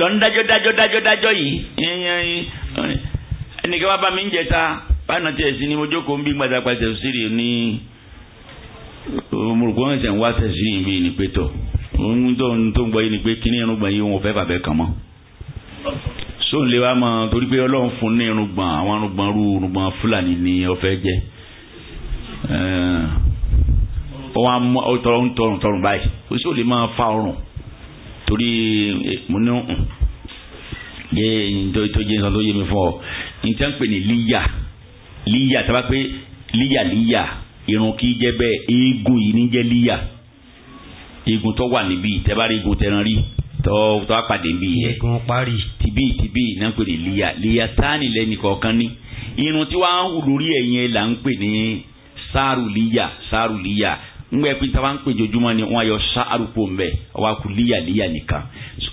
lọ ń dájọ́ dájọ́ dájọ́ dájọ́ yìí ẹnìkan wá bá mi ń jẹta báyìí tiẹ̀ sí ni mo jókòó ń bí gbadagba tẹ̀síìrì ní mùrùkú wọn ṣẹ̀ ń wá tẹ̀síìrì mi ní pé tọ̀ ohun tó ń tó ń gbọ́ yìí ni pé kíní irun gbọ̀n yìí wọn fẹ́ fàbẹ́ kàn mọ́ sóun lè wá mọ torí pé ọlọ́run fún ní irun gbọ̀n àwọn irun gbọ̀n rú irun gbọ̀n fúlàní ni ọ̀fẹ́ jẹ́ ọ̀hún tọrùn tọrùn tọrùn báyìí kò sí lè máa fa ọrùn torí eh, mo ní ọ̀hún mm, yé tó jẹ́ nǹkan tó yé mi fún ọ nǹkan pè ní líyà líyà tí a bá pé líyà líyà irun kì í jẹ́ bẹ́ẹ̀ eégún yìí ní jẹ́ líyà eégún tó wà níbí tẹ́ bá rí eégún tẹran rí tọ́ tọ́ apàdé bí yẹ. eégún parí. tìbí tìbí náà pè ní líyà líyà táàní lẹ́nu kọ̀ọ̀kan ní irun tí wàá ń hù lórí ẹ̀yìn ẹ̀ là ń pè ní sáàrù líyà sáàrù líyà ngbẹ pé taba ń pè jojúmọ́ ni wọ́n ayọ sa arúgbó mbẹ ọwọ́ akú líyàlíyà nìkan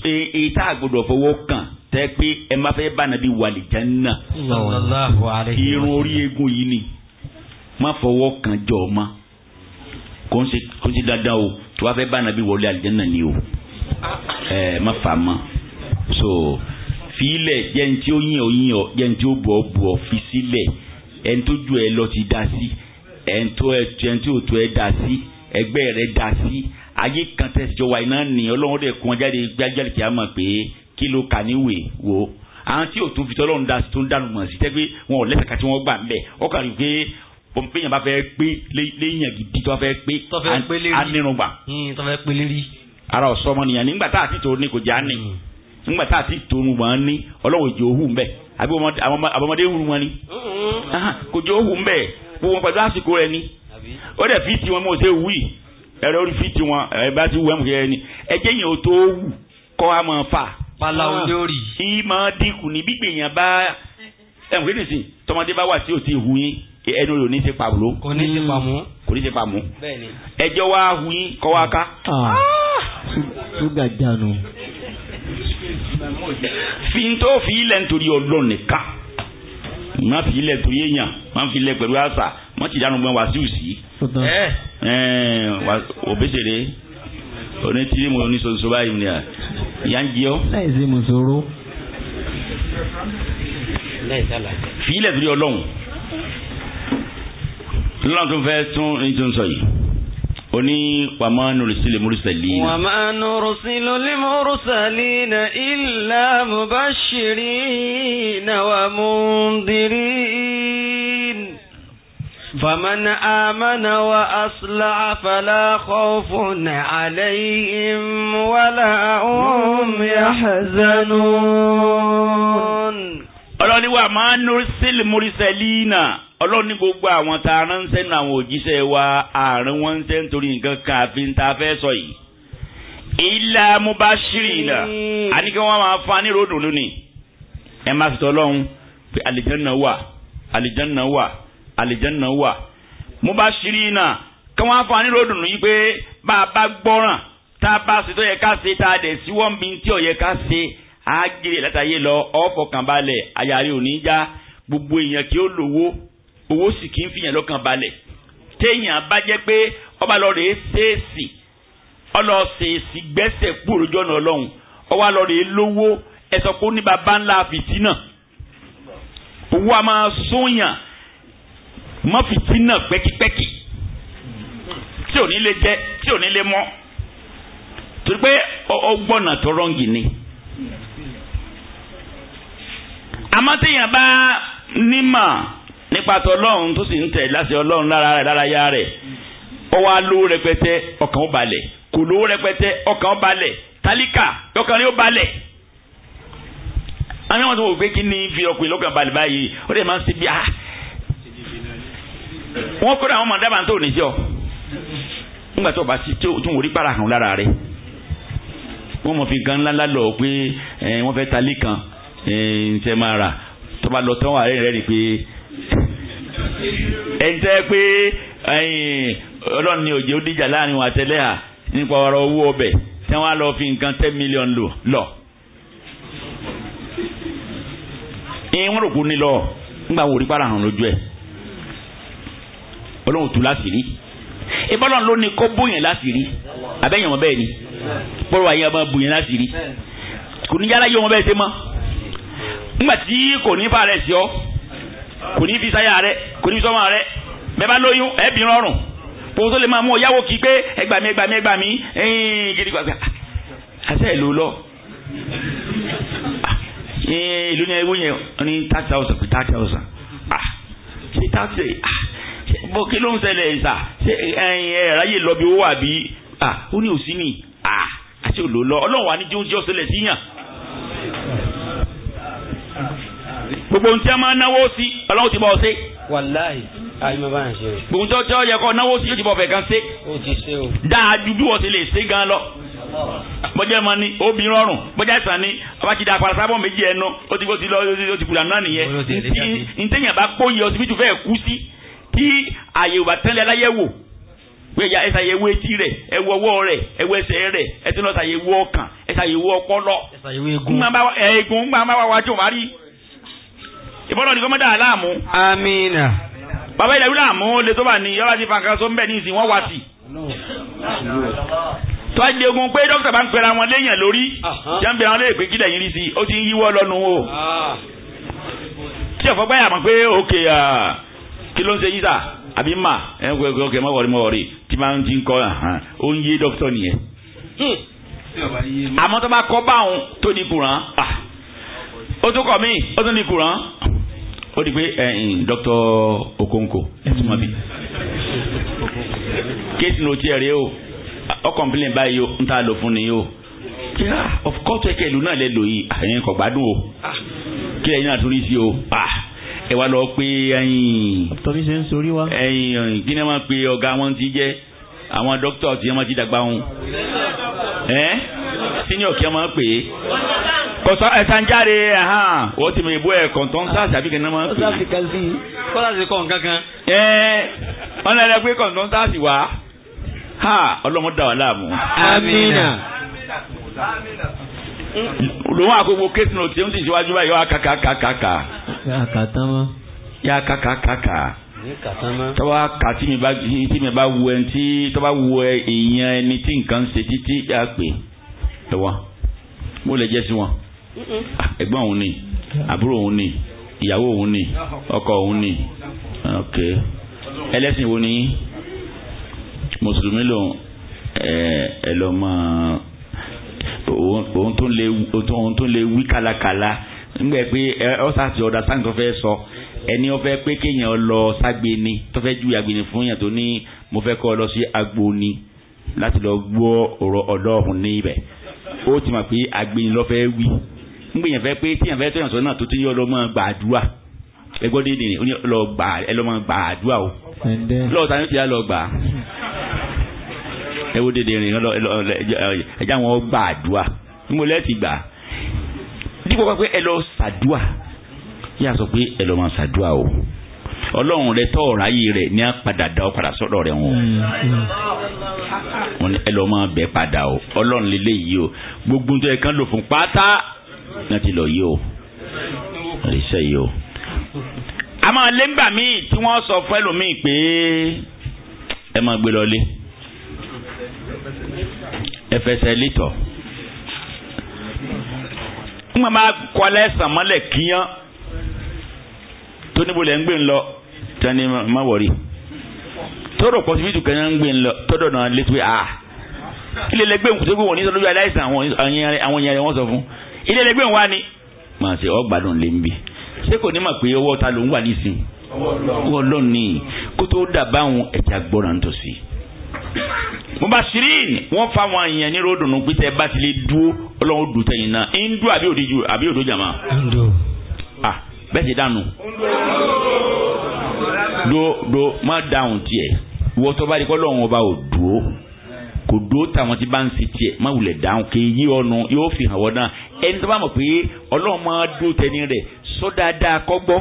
e-, èyí tá a gbọdọ̀ fọwọ́ kàn tẹ́ pé ẹ má fẹ́ bá nàbí wàlì jẹ́nà irun orí eegun yìí ni má fọwọ́ kàn jọ ọ ma kò ń ṣe dandan o tí wàá fẹ́ bá nàbí wọlé àlìjẹ́nà ni o ẹ má fà á mọ́ so fílẹ̀ jẹ́ ní tí ó yín ọ yín ọ jẹ́ ní tí ó bọ̀ ọ bọ̀ ọ fi sílẹ̀ ẹni tó ju ẹ lọ ti dá sí ẹni tó ẹ tó ẹ dá sí ẹgbẹ́ rẹ̀ dá sí ayé kan tẹ̀síjọ wa iná ní ọlọ́run dẹ̀ kún ọjà jáde kí a mọ̀ pé kí ló kà níwèé wo àwọn tí òtún fi tọ́lọ́run dá tó ń dànù mọ̀ sí tẹ́gbẹ́ wọn ò lẹ́sẹ̀ kàtí wọ́n gbà ń bẹ̀ ọkàn rí pé pọ̀npéyàn bá fẹ́ pé léyìn gidi hmm, tó fẹ́ pé anírùngbà. tó fẹ́ pé ara ọ̀sọ́ ọmọnìyàn nígbà tá àti tòun ní kò já ní hmm. nígbà tá àti tòun wọn ní ọlọ́wọ́ ìjọ òhù ńbẹ àbí àwọn ọmọdé hùrù wọn ni hmm. kò jọ òhù ńbẹ gbogbo pẹ̀lú àsìkò rẹ ni ó dẹ̀ fi tiwọn mọ̀ ṣe wí ẹ̀rọ orí fi tiwọn ẹ̀ bá ti wù ẹ̀ mú kẹ́ ẹni ẹ̀jẹ̀ yẹn ò tó wù kọ́ wa máa fà. palawo lórí. ìmọ̀ dínkù ní gbígbé yẹn bá ẹ̀ mú kí nìsín tọmọdé bá wà tí ò ti hu yín ẹnu rẹ̀ ò ní ti pàmò. kò ní ti pàmò. Hmm. kò ní ti pàmò. bẹ́ẹ̀ni. ẹjọ́ wa hu yín kọ́ wa ká. Ah. Ah! ṣúgà fi ń tó fi ilẹ̀ nítorí ọlọ́ọ̀ nìkan má fi ilẹ̀ torí èèyàn má fi ilẹ̀ pẹ̀lú àṣà wọ́n ti dánu gbọ́n wàásù sí. òbésèré onítìrí mo báyìí ni à ìyá ń jẹ́ ọ́. láìsí mùsòrò. fílẹ̀ Fi ọlọ́run lọ́nà tó fẹ́ tún ní tó ń sọ yìí oni wàmà nùrùsílẹ̀ mùrùsàlì. wàmà nùrùsílẹ̀ mùrùsàlì na ilà mùbáṣirí na wàmùndírí. فمن آمن وأصلع فلا خوف عليهم ولا هم يحزنون ọlọ́ni wa máa ń sílì mùrìsẹ̀lìnà ọlọ́ni gbogbo àwọn tá a ránṣẹ́ nínú àwọn òjíṣẹ́ wa àárín wọn ń ṣe nítorí nǹkan kan àfi ń ta fẹ́ sọ yìí. ilà mubashirina àníkẹ́ wọn máa fa ní ròdùn lónìí ẹ má fi tọ́ lọ́hún pé àlìjánná wà àlìjánná wà àlìjẹ́nà wà mo bá ṣírí náà kí wọ́n á fún wa nílò òdùnnú yìí pé bá a bá gbọ́ràn tá a bá ṣe tó yẹ ká ṣe tá a dẹ̀ síwọ́ mi tí ò yẹ ká ṣe á gèrè látàyè lọ ọ̀fọ̀kànbalẹ̀ àyàrí òní já gbogbo èèyàn kí ó lówó owó sì kì í fìyàn lọ́kàn balẹ̀ téèyàn bá jẹ́ pé ọba lọ rèé ṣèèṣì ọlọ́ọ̀ṣèèṣì gbẹ́sẹ̀ kúrò lójú ọlọ́run ọwọ́ lọ rèé lówó ẹ̀sọ́ kó ní baba ńlá fìtínà owó a máa sóyàn mọ́ fìtínà pẹ́kipẹ́ki tí ò ní lè jẹ tí ò ní lè mọ́ torí pé ọgbọ́nà tó rọ́ǹgì ni. àmọ́ téèyàn bá nímọ̀ nípa tọlọ́run tó sì ń tẹ̀ láti ọlọ́run lára rẹ̀ lárayá rẹ̀ ó wá lówó rẹpẹtẹ ọkàn ó balẹ̀ kò lówó rẹpẹtẹ ọkàn ó balẹ̀ tálíkà ọkàn yóò balẹ̀ àwọn ọmọ tó wò pé kí ni fi ọkùnrin lọ́kàn balẹ̀ báyìí ó dẹ̀ máa ń ṣe bí ah wọ́n kọ́ da àwọn ọmọ dábàá tó ní sí ọ ńgbà tó bá sí tó ń wòrí para hàn lára rẹ wọ́n mọ̀ fi gan ńláńlá lọ pé wọ́n fẹ́ talé kan ṣe máa rà tó bá lọ tán wà rẹ̀ rẹ̀ pé ẹni tẹ́ pé ọlọ́run ni òjò díjà láàrin wọn àtẹ́lẹ́ à nípa ọ̀rọ̀ owó ọbẹ̀ tí wọ́n á lọ fi nǹkan ten million lò lọ. ìwọ́n rò kú ní lọ nígbà wo rí para hàn lójú ẹ̀ ọlọ́run tú láṣìírí ìbọ́lọ́n ló ní kó bóyá láṣìírí abẹ́yẹn wọn bẹ́ẹ̀ ni bọ́lọ́ àyè ọmọ bóyá láṣìírí kò ní yàrá yẹ wọn bẹ́ẹ̀ ṣe mọ́ nígbà tí kò ní fa rẹ̀ sí ọ kò ní fi sáyà rẹ kò ní fi sọ́mọ rẹ bẹ́ẹ̀ bá lóyún ẹ̀ bí rọrùn pòun tó lè máa mú ọ yáwó kí pé ẹgbàmí ẹgbàmí ẹgbàmí ẹ̀yìn gidi gbàgbà ah, àṣẹ ìlú lọ ah, ìlú ni ẹwú yẹn ní thirty thousand thirty thousand ah three thirty ah bó kí ló ń ṣẹlẹ̀ ṣà ṣe ẹ ráyè lọ bí owó àbí à ó ní òsín ni à àti òlò lọ ọlọ́run wa ní jẹun jẹ́ ọ̀sẹ̀lẹ̀ sí yàn. gbogbo ohun tí a máa náwó sí ọlọ́run ti bọ̀ ọ́ sí. wàláì àyùmọ̀ bá ń ṣe. gbogbo tó tọ́ yẹ kọ́ náwó sí yóò ti bọ̀ fẹ̀ kan sí. ó ti ṣe o. dáa ju bí wọ́n ti lè ṣe gan lọ bọ́jà ma ni obìnrin ọrùn bọ́jà ìsàn ni abájídá aparasábọ̀ méjì ẹnu ó ti kó ti lọ ó ti kúrò àná nìyẹn ntẹ́yìn tí àyèwò àtẹ́lẹ̀ aláyẹ̀wò pé ẹ̀yà ẹ̀sà yẹ̀wò etí rẹ̀ ẹ̀wò ọwọ́ rẹ̀ ẹ̀wò ẹsẹ̀ rẹ̀ ẹ̀tún lọ́sà yẹ̀wò ọkàn ẹ̀sà yẹ̀wò ọpọlọ. ẹ̀sà yẹ̀wò egun. máa wá wájú wá rí. ìbọ́lọ̀ ni aláàmú. amina. bàbá ilẹ̀ wúlò àmú lè tó bá ní yọ́lá ti fàǹkà só ń bẹ̀ ní ìsìn wọ́n wá sí. tọ́jú egun pé dókítà bá ń pera wọn léèyàn lórí jẹ́ńbẹ̀ wọn lè pé kílẹ̀ yín rí ó ti yíwọ́ lọ́nu o. Ah. tí kí ló ń ṣe yín sà àbí mà ẹ ń gbẹgbẹ ọkẹ mọwọrí mọwọrí tí máa ń ti ń kọ ah, ah. ó ń yé dókítà nìyẹn. Hmm. àmọ́ tó bá kọ́ báwọn tó ní kùrán ah. ó tún kọ̀ mí ó tún ní kùrán ó di pé eh, eh, dókítà Okonko ẹ tún mọ bí. kéèsì ní o tiẹ̀ rèé o ọ kọ̀ǹpilẹ̀ báyìí o ń tà lò fún ni o kíra of course ẹ̀kẹ́ ìlú náà lè lò yìí àyìn gbádùn o kí ẹ̀yin náà o ah ẹ wá lọ pé ẹyin. tọ́lí ṣe ń sori wa. ẹyin kí ni wọ́n pe ọ̀gá wọn ti jẹ́ àwọn dókítà tí wọ́n ti dàgbà wọn. ẹ sínú ọ̀kẹ́ wọn pè é. kọ̀sọ́ ẹ̀sán jáde wọ́n ti mọ ìbú ẹ̀ kọ̀ǹtọ́n sáàsì àbí kẹ́ni wọ́n pè é. kọ́lá kan sí i kọ́lá kọ̀ nǹkan kan. ẹ wọn lọ rẹ pé kọ̀ǹtọ́n sáàsì wá ọlọ́mọdà wà láàmú. amina. amina lòun àkókò kéésì náà tí ó ń tì síwájú báyìí yọ akakakakaka. yà kàtá mọ́. yà kakakaka. tọ́wọ́ kà tí mi bá tí mi bá wù ẹ́ tí tọ́wọ́ wù ẹ́ èèyàn ẹni tí nǹkan ṣe títí yà pé tọ́wọ́ mo lè jẹ́ sí wọn. Ah, ẹ̀gbọ́n òun ni àbúrò òun ni ìyàwó òun ni ọkọ òun ni ok ẹlẹ́sìn wo ni mùsùlùmí lòun ẹ lọ máa òun tó lè òun tó lè wí kálákálá nígbà pé ọ̀sà ti ọ̀dà sáǹtì tó fẹ́ sọ ẹni ó pé kéèyàn lọ ságbé ni tó fẹ́ ju àgbèni fún yàn tó ní mo fẹ́ kọ́ lọ sí agbo ni láti lọ gbọ́ ọ̀rọ̀ ọlọ́run ní ibẹ̀ ó ti mọ̀ pé agbèni lọ́ fẹ́ wí nígbà yẹn fẹ́ pé tíyàn fẹ́ tẹ̀yàn sọ náà tó ti yọ lọ́mọ gbàdúrà ẹgbọ́n dídì ni ó ní lọ gbà ẹ lọ́mọ gbàdúrà o lọ́ọ̀tà ti yá ẹ wo dédé rìn lọ ẹ já wọn gbà àdúrà ní mo lẹ́ẹ̀tì gbà dípò pé ẹ lọ sàdúà yà sọ pé ẹ lọ máa sàdúà o ọlọ́run rẹ tọ́ ọ̀rọ̀ ayé rẹ ní apàdà dá ọ padà sọ́dọ̀ rẹ wọn o mm, mm. ẹ lọ máa bẹ padà o ọlọ́run lè léyìí o gbogbo tó yẹ kán lò fún pátá náà ti lọ yìí o àlìṣe yìí o. àmọ́ lẹ́ńbà míì tí wọ́n sọ fún ẹlòmíì pé ẹ máa gbé lọ lé ẹfẹsẹ̀ lítọ̀. nígbà máa kọ́ lẹ́sàn mọ́lẹ̀ kíyàn tó níbo lẹ́ ń gbé ń lọ tí wọ́n ní má wọ̀rí tọ́rọ̀ pọ̀ síbi ìtùkẹ́ náà ń gbé ń lọ tọ́dọ̀ náà létí pé ah ilé lẹgbẹ́ òkú tó gbé wọn ní sọ́dọ̀ aláìsàn àwọn èèyàn rẹ̀ wọ́n sọ fún ilé lẹgbẹ́ òun wá ni màá ṣe ọgbàdùn lé ń bí ṣé kò ní mà pé ọwọ́ ta ló ń wà nísìnyí ọwọ́ ọlọ́run ni kó tó dà báwọn ẹ̀jẹ̀ agbọ́ra ń tòsí mubashirin wọ́n fa wọn àyàn ní ròdùn nù pété bá ti lè dúó ọlọ́run dùn tẹ̀yìn náà ń dún àbí òdìjú àbí òdò jàmá. ah bẹ́ẹ̀ ti dànù. do do má dáhùn tiẹ̀ wọ́n tó bá di kọ́ lọ́run ọba ò dúó kò dúó táwọn ti bá ń ṣe tiẹ̀ má wulẹ̀ dáhùn kì í yí ọ̀nà yóò fi hàn wọ́n náà ẹni tó bá mọ̀ pé ọlọ́run máa dúó tẹni rẹ̀ sọ dáadáa kọ́ gbọ́.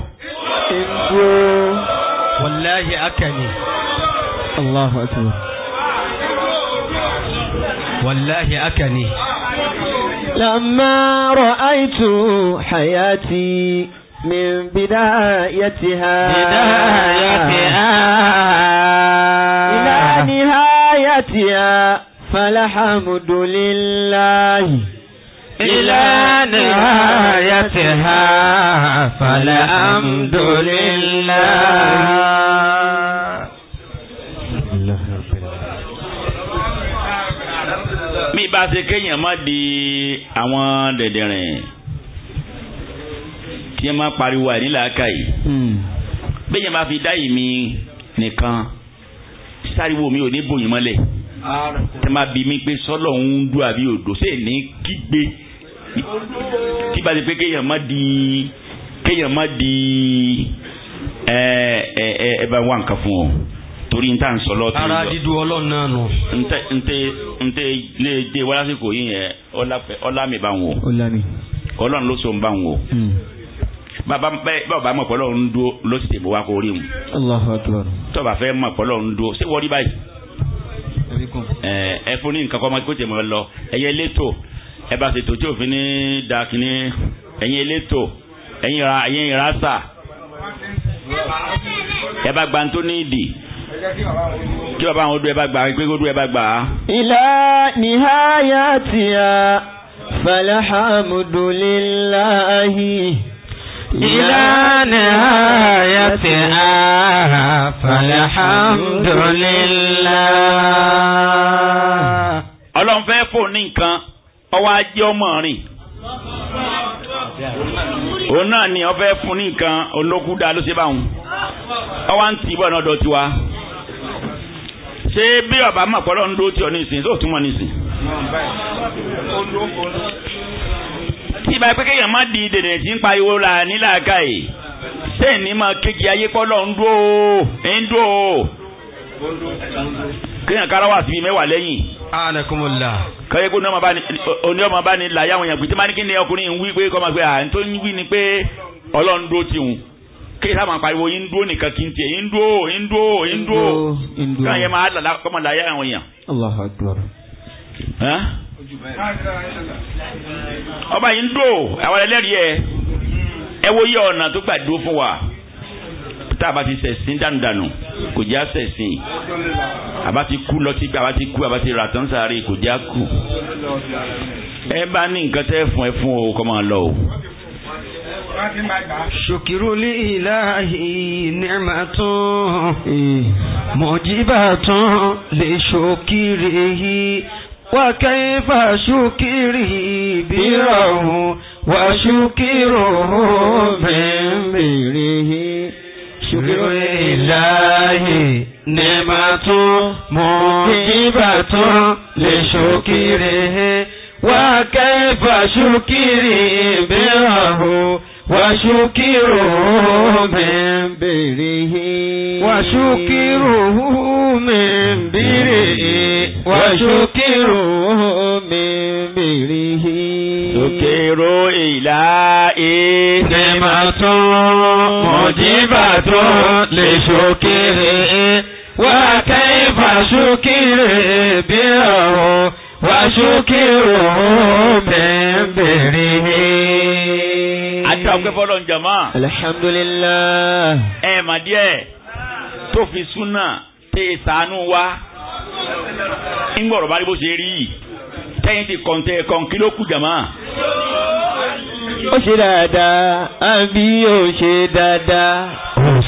ń dúó wàláhì Allahu akbar. والله أكني لما رأيت حياتي من بدايتها بدايتها إلى نهايتها فالحمد لله إلى نهايتها فالحمد لله bí bá ṣe kéèyàn má di àwọn dẹ̀dẹ̀rìn tí wọ́n máa pariwo àìníláàkà yìí hmm. bẹ́ẹ̀ bá fi dá yìí mi nìkan sáriwo mi ò ní bòyìn mọ́lẹ̀ tẹ́ máa bí mi pé sọ́lọ̀ ń dún àbí odò ṣé ní kígbe kí bá ṣe pé kéèyàn má di kéèyàn má di ẹ ẹ ẹ bá wà nǹkan fún ọ torí n ta n sọlọ tó yọ. ara dídú ọlọ́run náà nù. n tẹ n tẹ n tẹ lè dé wàlásìkò yìí yẹn ọlámi bá ń wò. ọlámi. ọlọ́run ló so ń bá ń wò. Hmm. bàbá bẹ́ẹ̀ bàbá mọ̀ pé ọlọ́run do, ló ti tèmi wá kó rí mu. Allahu Akbar. tọ́ba fẹ́ mọ̀ pé ọlọ́run dúró ṣé wọ́n rí báyìí. ẹ fún ní nǹkan kọ́ ọmọ kó tèmi lọ ẹ̀yẹ elétò ẹ bá ṣètò tí òfin ní dàkínní ẹ̀yin elétò ẹ̀yin ìrásà ẹ bá gba kí bàbá àwọn odò ẹ bá gbà pé odò ẹ bá gbà. ìlà nìháyà tìyà falhamdulilahi. ìlà nìháyà tìyà falhamdulilahi. ọlọ́run fẹ́ fò ní nǹkan ọwọ́ ajé ọmọ rìn òun náà ni ọ fẹ́ fún ní nǹkan olókùdá ló ṣe báwọn ọwọ́ ń tì í bọ̀ náà dọ̀ tiwa ṣé bí ọba mọ̀ pọ́lọ́ ń dó tí ọ nísìn tó tún mọ̀ nísìn. tí ìbá pé kéèyàn má di dèdè tí ń pariwo la nílàáká yìí sẹ́yìn ní máa kéèkì ayé pọ́lọ́ ń dó ń dó kéèyàn kára wà síbi mẹ́wàá lẹ́yìn. anakumula. kọ́yẹ́ kó ní ọmọ bá ní láyà wọn yàn pé tí má ní kí ni ọkùnrin ń wí pé kọ́ máa gbé à ń tó ń wí ni pé ọlọ́run dó tiwọn kéèyàn sábà pariwo yín dúró nìkan kí n tiẹ̀ yín dúró yín dúró yín dúró káwọn yẹn máa lala kọ́mọ láyé àwọn èèyàn. Allahu Akbar. ọba yìí dúró àwọn ẹlẹ́rìí ẹ ẹ wo yẹ ọ̀nà tó gbà dúró fún wa tá a bá ti sẹ̀sìn dànùdànù kò já sẹ̀sìn àbá ti kú lọ sí pé àbá ti kú àbá ti rà tán sáré kò já kú ẹ bá ní nǹkan tẹ́ fún ẹ fún o kọ́ lọ o. شكر لإلهي نعمة موجبة لشكره وكيف شكره بره وشكره من بره شكر لإلهي نعمة موجبة لشكره وكيف شكره بره وشكره من بره وشكره من بره وشكره من بره سكر إلهي نعمة مجيبة لشكره وكيف شكره بره وشكره من بره àti àwọn akẹ́kọ̀ọ́ lọ́n jàmá. alhamdulilah. ẹ mà díẹ̀ tó fi súnà tẹ sànú wa ngbọ̀rọ̀ bá rí bó ṣe rí tẹ́yìn ti kọ̀ǹtẹ̀ kọ̀ǹkì ló kù jàmá. ó ṣe dáadáa àbí ó ṣe dáadáa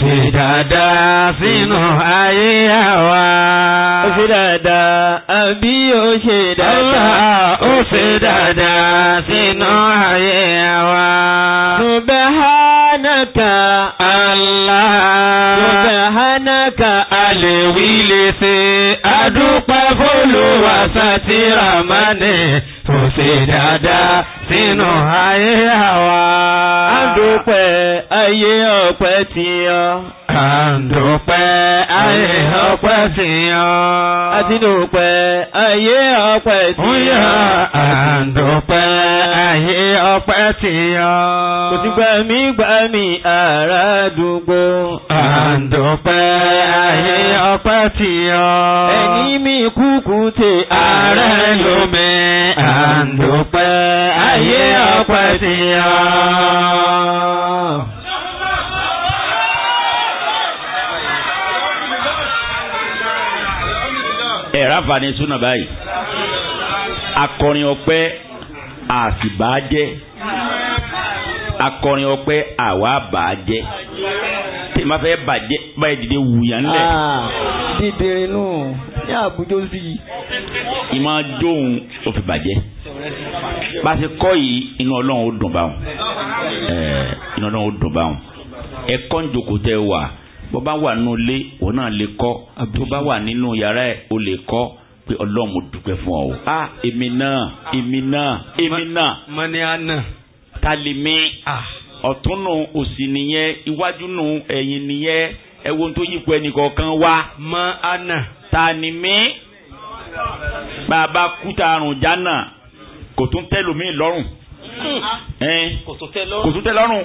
ṣe dáadáa sínú ayé àwa. Ó ṣe dáadáa, àbí ó ṣe dáadáa. Ó ṣe dáadáa sínú ayé àwa. Subhanaka Allah. Subhanaka Àlèwí lè ṣe àdúpẹ́ fólúwa sátìrámánì. Ó ṣe dáadáa sínú ayé àwa. a dúpẹ́ ayé ọpẹ́ ti Kàndùpẹ́ ayé ọpẹ́ sí yàn. Àdínúpẹ́ ayé ọpẹ́ ya a Kàndùpẹ́ ayé ọpẹ́ sí yàn. Kò sí gbẹ̀mí gbẹ̀mí ará àdúgbò. Kàndùpẹ́ ayé ọpẹ́ sí yàn. Eni mi kuku tè ara lómi. Kàndùpẹ́ ayé ọpẹ́ ẹ̀ráfà ni súnà báyìí akọrin ọpẹ́ àsìbàjẹ́ akọrin ọpẹ́ àwa bàjẹ́ tí ma fẹ́ bàjẹ́ báyìí dìde wùyà ńlẹ̀. Ah, dìde inú ní àbújọ sí i. ìmọ̀ jóun ó fi bàjẹ́ bá a ṣe kọ́ yìí inú ọlọ́run ó dùn báwọn inú ọlọ́run ó dùn báwọn ẹ̀kọ́ ń jòkó tẹ́ wà bó bá wà nínú ilé òun náà lè kọ́ tó bá wà nínú yàrá ẹ̀ ó lè kọ́ pé ọlọ́run mo dúpẹ́ fún ọ. a ah, èmi náà èmi náà èmi náà. mọ́ni àná. ta lè mí. Ah. ọ̀tún nù òsì nìyẹn iwájú nù ẹ̀yìn nìyẹn ẹ wo tó yípo ẹnì kọ̀ọ̀kan wá. mọ́ àná. ta ni mí. bàbá kúta àrùn jánà kò tún tẹ́ lómi lọ́rùn. Hmm. kò tún tẹ́ lọ́rùn. kò tún tẹ́ lọ́rùn.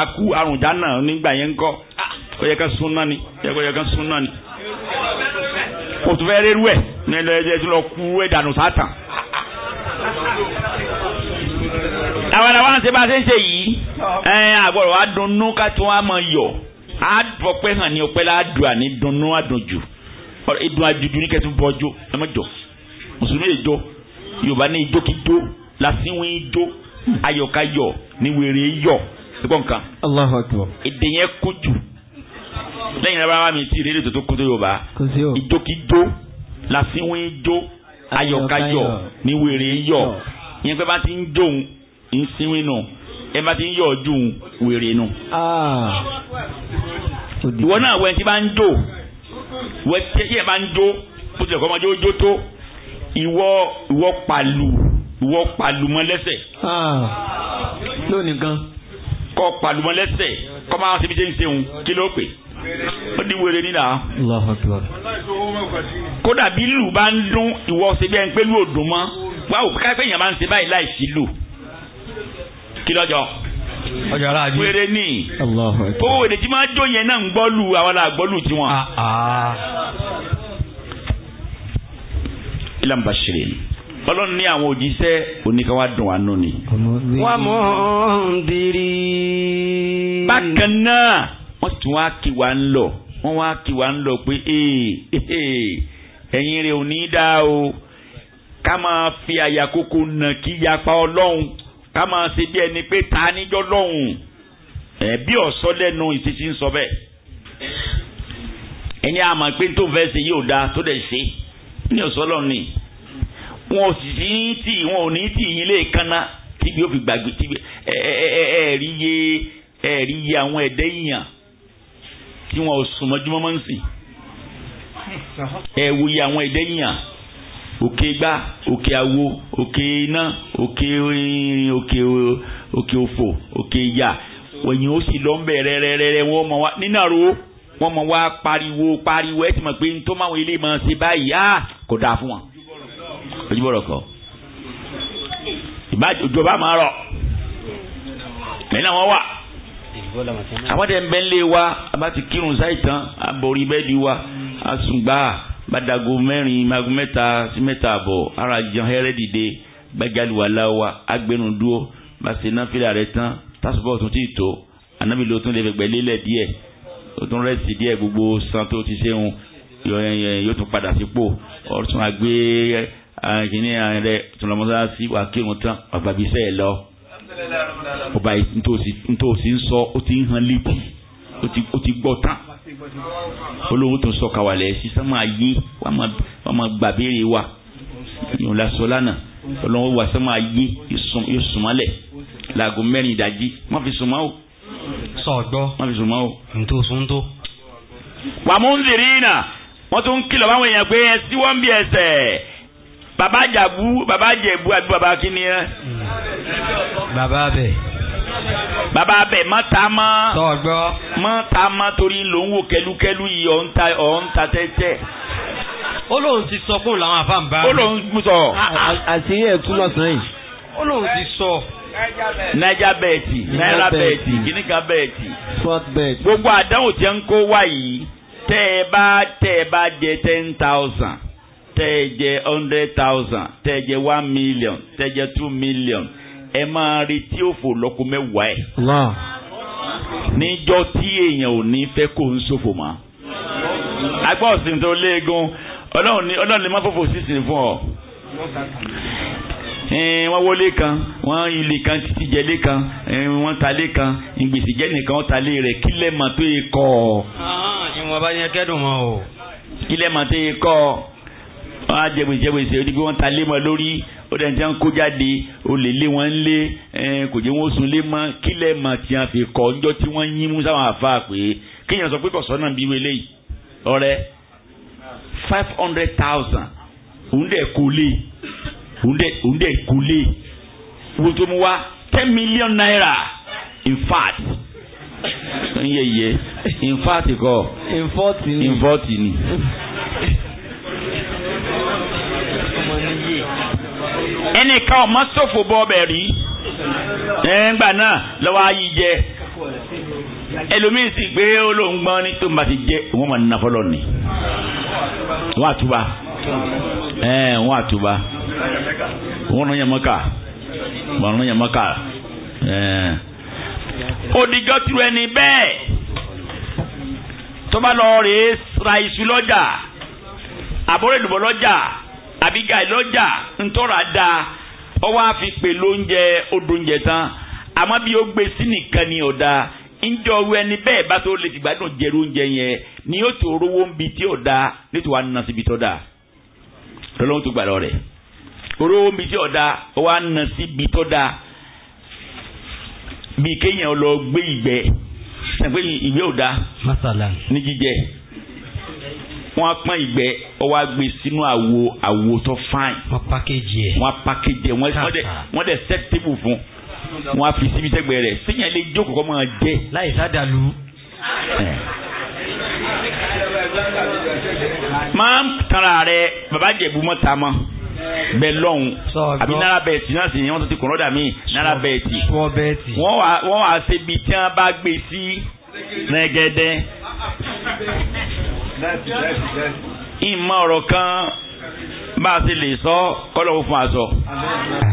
a kú àrùn jánà nígbà yẹn ń kọ́. Ah ó yẹ ká sún náà ni ó yẹ ká sún náà ni kò tó fẹ́ rẹ́rú ẹ̀ ní ẹlẹ́dẹ́ tó lọ kú ẹ̀ dànù sátán. àwọn àwọn àti bá a ṣe ń ṣe yìí àgbọ̀rọ̀ wa dunnú ká tún wa máa yọ̀ á dọ̀pẹ́ hàn ní ọpẹ́ ládùá ní dunnú àdùnjù ìdùn àjùjù ní kẹtù bọ́jọ́ ẹ má jọ mùsùlùmí ìjọ yorùbá ní ìjọ kí jó làsíwìn ìjọ ayọ̀ká yọ̀ ní wèrè yọ̀ ẹgbọ́n kan. Allahu Akbar. èdè yẹn kún lẹ́yìn rárá wa mi ti rere tó tó kó tó yorùbá ìjókijó làsíwìn jó ayọ̀kayọ̀ ní yọ̀ ìyẹn pé bá ti ń jóun ń síwìn nù ẹ bá ti ń yọ̀ jóun wèrè nù. Ah. ìwọ náà wẹ̀ tí bá ń jó wẹ̀ tí ẹ bá ń jó bó tilẹ̀ kọ́ ọmọdé ó jó tó ìwọ ìwọ pàlù ìwọ pàlù mọ́ lẹ́sẹ̀. Ah. lónìí gan. kọ́ pàlù mọ́ lẹ́sẹ̀ kọ́ máa ṣe bí jẹ́ ń kí ló pè é ó di wèrè nínà. kódà bí lù bá ń dún ìwọ ṣe bí ẹni pé lù ò dùn mọ́ wáwo kápẹ́ èèyàn máa ń ṣe báyìí láì sí lù kí lọ́jọ́ ọjọ́ ara àjẹ́ wèrè ní. owó wèrè tí máa jó yẹn náà ń gbọ́ lù àwọn là gbọ́ lù tiwọn. Ah, ah. ilan bashirin ọlọ́run ní àwọn òjíṣẹ́ oníkanwá dùn àánú ni. wà á mọ̀ ọ́n dirí. bákan náà wọ́n tún wá kí wa ń lọ wọ́n wá kí wa ń lọ pé ẹ̀yin rẹ̀ ò ní í dá o ká máa fi àyà kókó nà kí yapa ọlọ́run ká máa ṣe bí ẹni pé ta níjọ́ lọ́hùn ẹ̀ bí ọ̀sọ́ lẹ́nu ìṣesí ń sọ bẹ́ẹ̀ ẹni àmọ̀ pé tó fẹ́ ṣe yóò da tó dẹ̀ ṣe ní ọ̀sọ́ lọ́hùn ni wọn ò sì sí ní tì wọn ò ní tì yín lè kanna tíbi ó fi gbàgbé tíbi ẹ̀ẹ́rí yé ẹ̀ẹ́rí yé àwọn ẹ̀dẹ́ yìnyàn tí wọn ò sùn mọ́júmọ́ máa ń sìn. ẹ wòye àwọn ẹ̀dẹ́yìn òkè gbá òkè awo òkè iná òkè òkè òkè òfò òkè ìyà òyìn ó sì lọ ń bẹ̀ rẹ́rẹ́rẹ́rẹ́ wọ́n mọ̀ wá nínú àrò wọ́n mọ̀ wá pariwo pariwo ẹ̀ sì mọ̀ pé nítorí máwọn ilé máa ṣe báyìí á kò dáa fún wọn. ojúbọ̀rọ̀ kọ́ ìbájọ́ ìjọba máa rọ̀ lẹ́yìn àwọn wà àwọn tẹ̀ ń wa a bá ti kírun sáì tán a borí bẹ́ẹ̀ di wa a sùn gbà bàdàgò mẹ́rin magun mẹ́ta sí mẹ́ta àbọ̀ ara jẹun hẹ́rẹ́ dìde gbàjálùwàlá wa agbẹnu dúró bàṣẹ náà fìlà rẹ tán tásùbọ̀ tún ti tó ànábì ló tún lè fẹ̀gbẹ́ lélẹ̀ díẹ̀ ó tún rẹ́sì díẹ̀ gbogbo san tó ti ṣeun yóò tún padà sípò ọ̀tún àgbé kìnìún rẹ tún lọ́mọdé sí wàá kírun tán àgbàbíṣẹ́ ẹ̀ lọ ọba ntòsí ń sọ ó ti ń han létí ó ti gbọ́ tán olóhùn tó sọ kàwálẹ̀ sísan máa yé wàá máa gbà béèrè wa yòó lásọ lánàá olóhùn wàá sọ máa yé yóò sùnmọ́lẹ̀ laago mẹ́rin ìdájí má fi sùnmọ́ o. sọ̀gbọ́ má fi sùnmọ́ o. ntòsún tó. wàá mú ń zèrè náà wọ́n tún kìlọ̀ báwọn èèyàn pé ẹ síwọ́n bí ẹsẹ̀. Baba Jabu, Baba àjẹ̀bú àbí bàbá kíni ẹ. Baba bẹ̀. bàbá bẹ̀ má ta mọ́. tọ́gbọ́. má ta mọ́ torí ló ń wo kẹlukẹlu yìí ọ̀ ń ta ọ̀ ń ta tẹ́tẹ́. ó lóun ti sọ fún làwọn àfa ń bá. ó lóun ti sọ. àṣírí ẹ̀ túmọ̀ sàn yìí. ó lóun ti sọ. naija bẹẹti naira bẹẹti gíníkà bẹẹti. sport bẹẹti. gbogbo àdánwò tí ń kó wá tẹ́ ẹ bá tẹ́ ẹ bá jẹ ten thousand tẹ́ ẹ hundred thousand tẹ́ ẹ one million tẹ́ ẹ two million ẹ máa retí òfò lọ́kọ mẹ́wàá ẹ̀. níjọ́ tí èèyàn ò ní fẹ́ kó ń ṣòfò mọ́. agbọ́ tó léegun ọlọ́run ni ọlọ́run ni má fòfò sísìn fún ọ. wọ́n wọlé kan wọ́n ilé kan títí jẹ́lé kan wọ́n talé kan ìgbèsè jẹ́ nìkan talé rẹ̀ kílẹ̀ mà tó yẹ kọ́ ọ. Ah, ìwọ̀n bá yẹn kẹ́dùn mọ́ o. kílẹ̀ mà tó yẹ kọ́ ọ wọ́n á jẹ̀gbèsè jẹ̀gbèsè ó di pé wọ́n ta lé mọ́ lórí ó dẹ̀ ní tí wọ́n kó jáde ó lè lé wọn lé eh, kò jẹ́ wọn sun lé mọ́ kílẹ̀ mọ́ tí wọ́n fi kọ́ níjọ́ tí wọ́n yín mú sáwọn àfa pé kéèyàn sọ pé kọ̀sọ́ náà bí wọlé yìí ọ̀rẹ́ five hundred thousand òun dẹ̀ kó lé òun dẹ̀ kó lé wo tó mu wá ten million naira in fact n yẹ yẹ in fact kọ in forty ni. ẹnìkan ọmọ sòfò bọ ọbẹ̀ rí ẹ̀ǹgbà náà lọ́wọ́ ayé jẹ ẹlòmíì sì gbé olóńgbọ́n ní tó ń bá ti jẹ wọ́n máa nà fọlọ́ ni wọ́n àtúbà ẹ̀ẹ́n wọ́n àtúbà wọ́n rán yàmọ́kà wọ́n rán yàmọ́kà ẹ̀ẹ́n òdìjọ́ turu ẹni bẹ́ẹ̀ tó lọ rèé ra iṣu lọ́jà àbúrò ìdìbò lọ́jà. àbígà ìlọ́jà ntọ́ra dáa ọwọ́ àfi pè lóúnjẹ odóúnjẹ tán àmọ́ bí ó gbé sí nìkan ni ọ̀dà ńjọ wu ẹni bẹ́ẹ̀ bá tó lè fìgbádùn jẹrú oúnjẹ yẹn ni yóò tó rówó ń bi tí ò da nítorí wàá nà síbi tó da lọ́lọ́wọ́ tó rówó ń bi tí ò da wàá nà síbi tó da bí kéèyàn lọ wọ́n á pọ́n ìgbẹ́ ọwọ́ á gbé sínú àwo àwo tó fine. wọ́n pàkéjì ẹ̀. wọ́n pàkéjì ẹ̀ wọ́n dẹ̀ wọ́n dẹ̀ set table fún wọ́n á fi síbi sẹ́gbẹ̀ẹ́ rẹ̀ síyàn lè jókòó kọ́ máa jẹ́. láì sádàlú. máa ń tara rẹ bàbá jẹ̀bú mọ́ ta mọ́ bẹ lọ́hùn àbí náírà bẹ́ẹ̀tì náà sì ni wọ́n ti kùnà dà mí náírà bẹ́ẹ̀tì wọ́n wàá ṣe ibi tí wọ́n bá gbé sí rẹ́gẹ́dẹ́ ìmọ̀ ọ̀rọ̀ kan bá a ṣe lè sọ kọ́lọ́wọ́ fún aṣọ.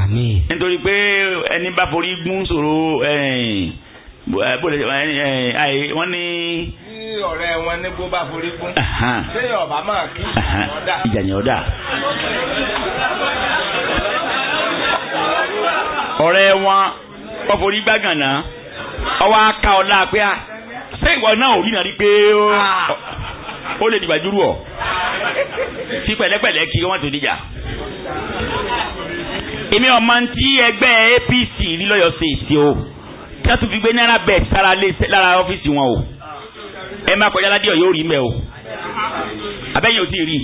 àmín. nítorí pé ẹni bá forí gún sòro eh, eh, eh, wọ́n ní. ọ̀rẹ́ wọn ní bó bá forí gún. sẹ́yìn ọ̀bá máa kí ọ̀dà. ìjànyẹ̀ ọ̀dà. ọ̀rẹ́ wọn wọ́n forí gbàgànà ọwọ́ á ká ọ láàpẹ́ à ṣé ìwọ náà ò rí nàrí pé ó. Ah ó lè dìgbà júrú ọ fi pẹ̀lẹ́pẹ̀lẹ́ kí wọ́n tó dìjà. èmi ọmọ tí ẹgbẹ́ APC ní lọ́yọ̀ ṣe èsì o kí wọ́n tún fi gbé náírà bẹ́ẹ̀ sára lé lára ọ́fíìsì wọn o ẹ má kọjá ládìyọ yóò rí mẹ́ o abẹ́yìn ò tí ì rí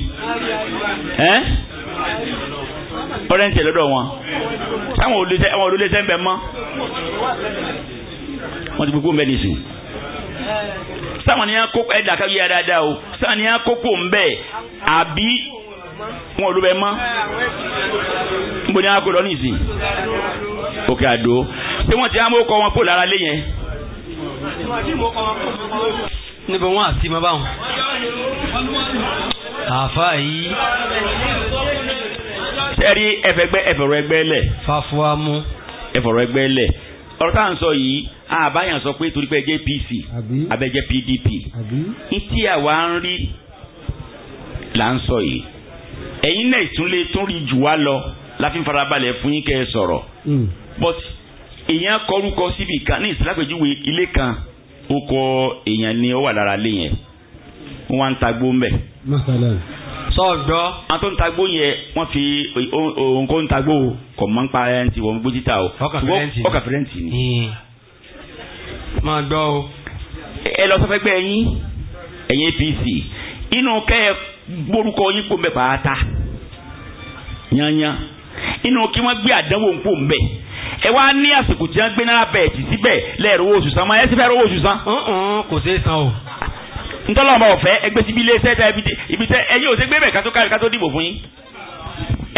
ọ̀rẹ́ǹtì lọ́dọ̀ wọn sáwọn olóléṣẹ́ ń bẹ mọ́ wọ́n ti gbogbo mẹ́lì sùn sáwọn ni ẹ̀dá ká yíya dáadáa o sáwọn ni kókó ń bẹ̀ àbí wọn ò ló bẹ mọ́ nbọ ní akó lọ ní òkè àdó ṣé wọ́n ti á mọ́ kọ́ wọn pò lára lé yẹn. níbo wọn àti mọ báwọn àfa yìí. sẹ́ẹ̀rí ẹ̀fẹ̀gbẹ́ ẹ̀fọ̀rọ̀ ẹgbẹ́ lẹ̀. fafuamu. ẹ̀fọ̀rọ̀ ẹgbẹ́ lẹ̀ ọ̀rọ̀ tá à ń sọ yìí àbáyàn sọ pé torí pé ẹ jẹ́ PDP ntí àwa ń rí là ń sọ yìí ẹ̀yin náà ìtúnlé tún rí jù wá lọ láfi farabalẹ̀ fún yín kẹ́ ẹ sọ̀rọ̀ hmm. but èèyàn kọrúkọ síbi kan ní ìsìlápẹ̀júwe ilé kan ó kọ èèyàn ni ó wà lára lé yẹn wọ́n ń tagbó mbẹ́ sọ́ọ̀gbọ́ àwọn tó ń tagbó yẹ wọ́n fi òun kó ń tagbó kò mọ́ ń pa ẹ̀ ti wọ́n gbó títà o ọkà fẹ́rẹ́ǹtì ni. máa gbọ́ o. ẹ lọ sọfẹ́ pé ẹ̀yin ẹ̀yin APC inú kẹ́ ẹ gbórúkọ yín kó mbẹ́ pàáta yanyan inú kí wọ́n gbé àdánwò ń kó mbẹ́ ẹ wá ní àsìkò tí wọ́n gbé náírà bẹ́ẹ̀ tì síbẹ̀ lẹ́ẹ̀rọ owó oṣù san máa ẹ sì fẹ́ rówó oṣù san. kò sí san o ntọ́lọ́mọ ọ̀fẹ́ ẹgbẹ́ síbi ilé iṣẹ́ tẹ ibi tẹ ẹ̀yin ò ṣe gbé bẹ̀ kátó kárí kátó dìbò fún yín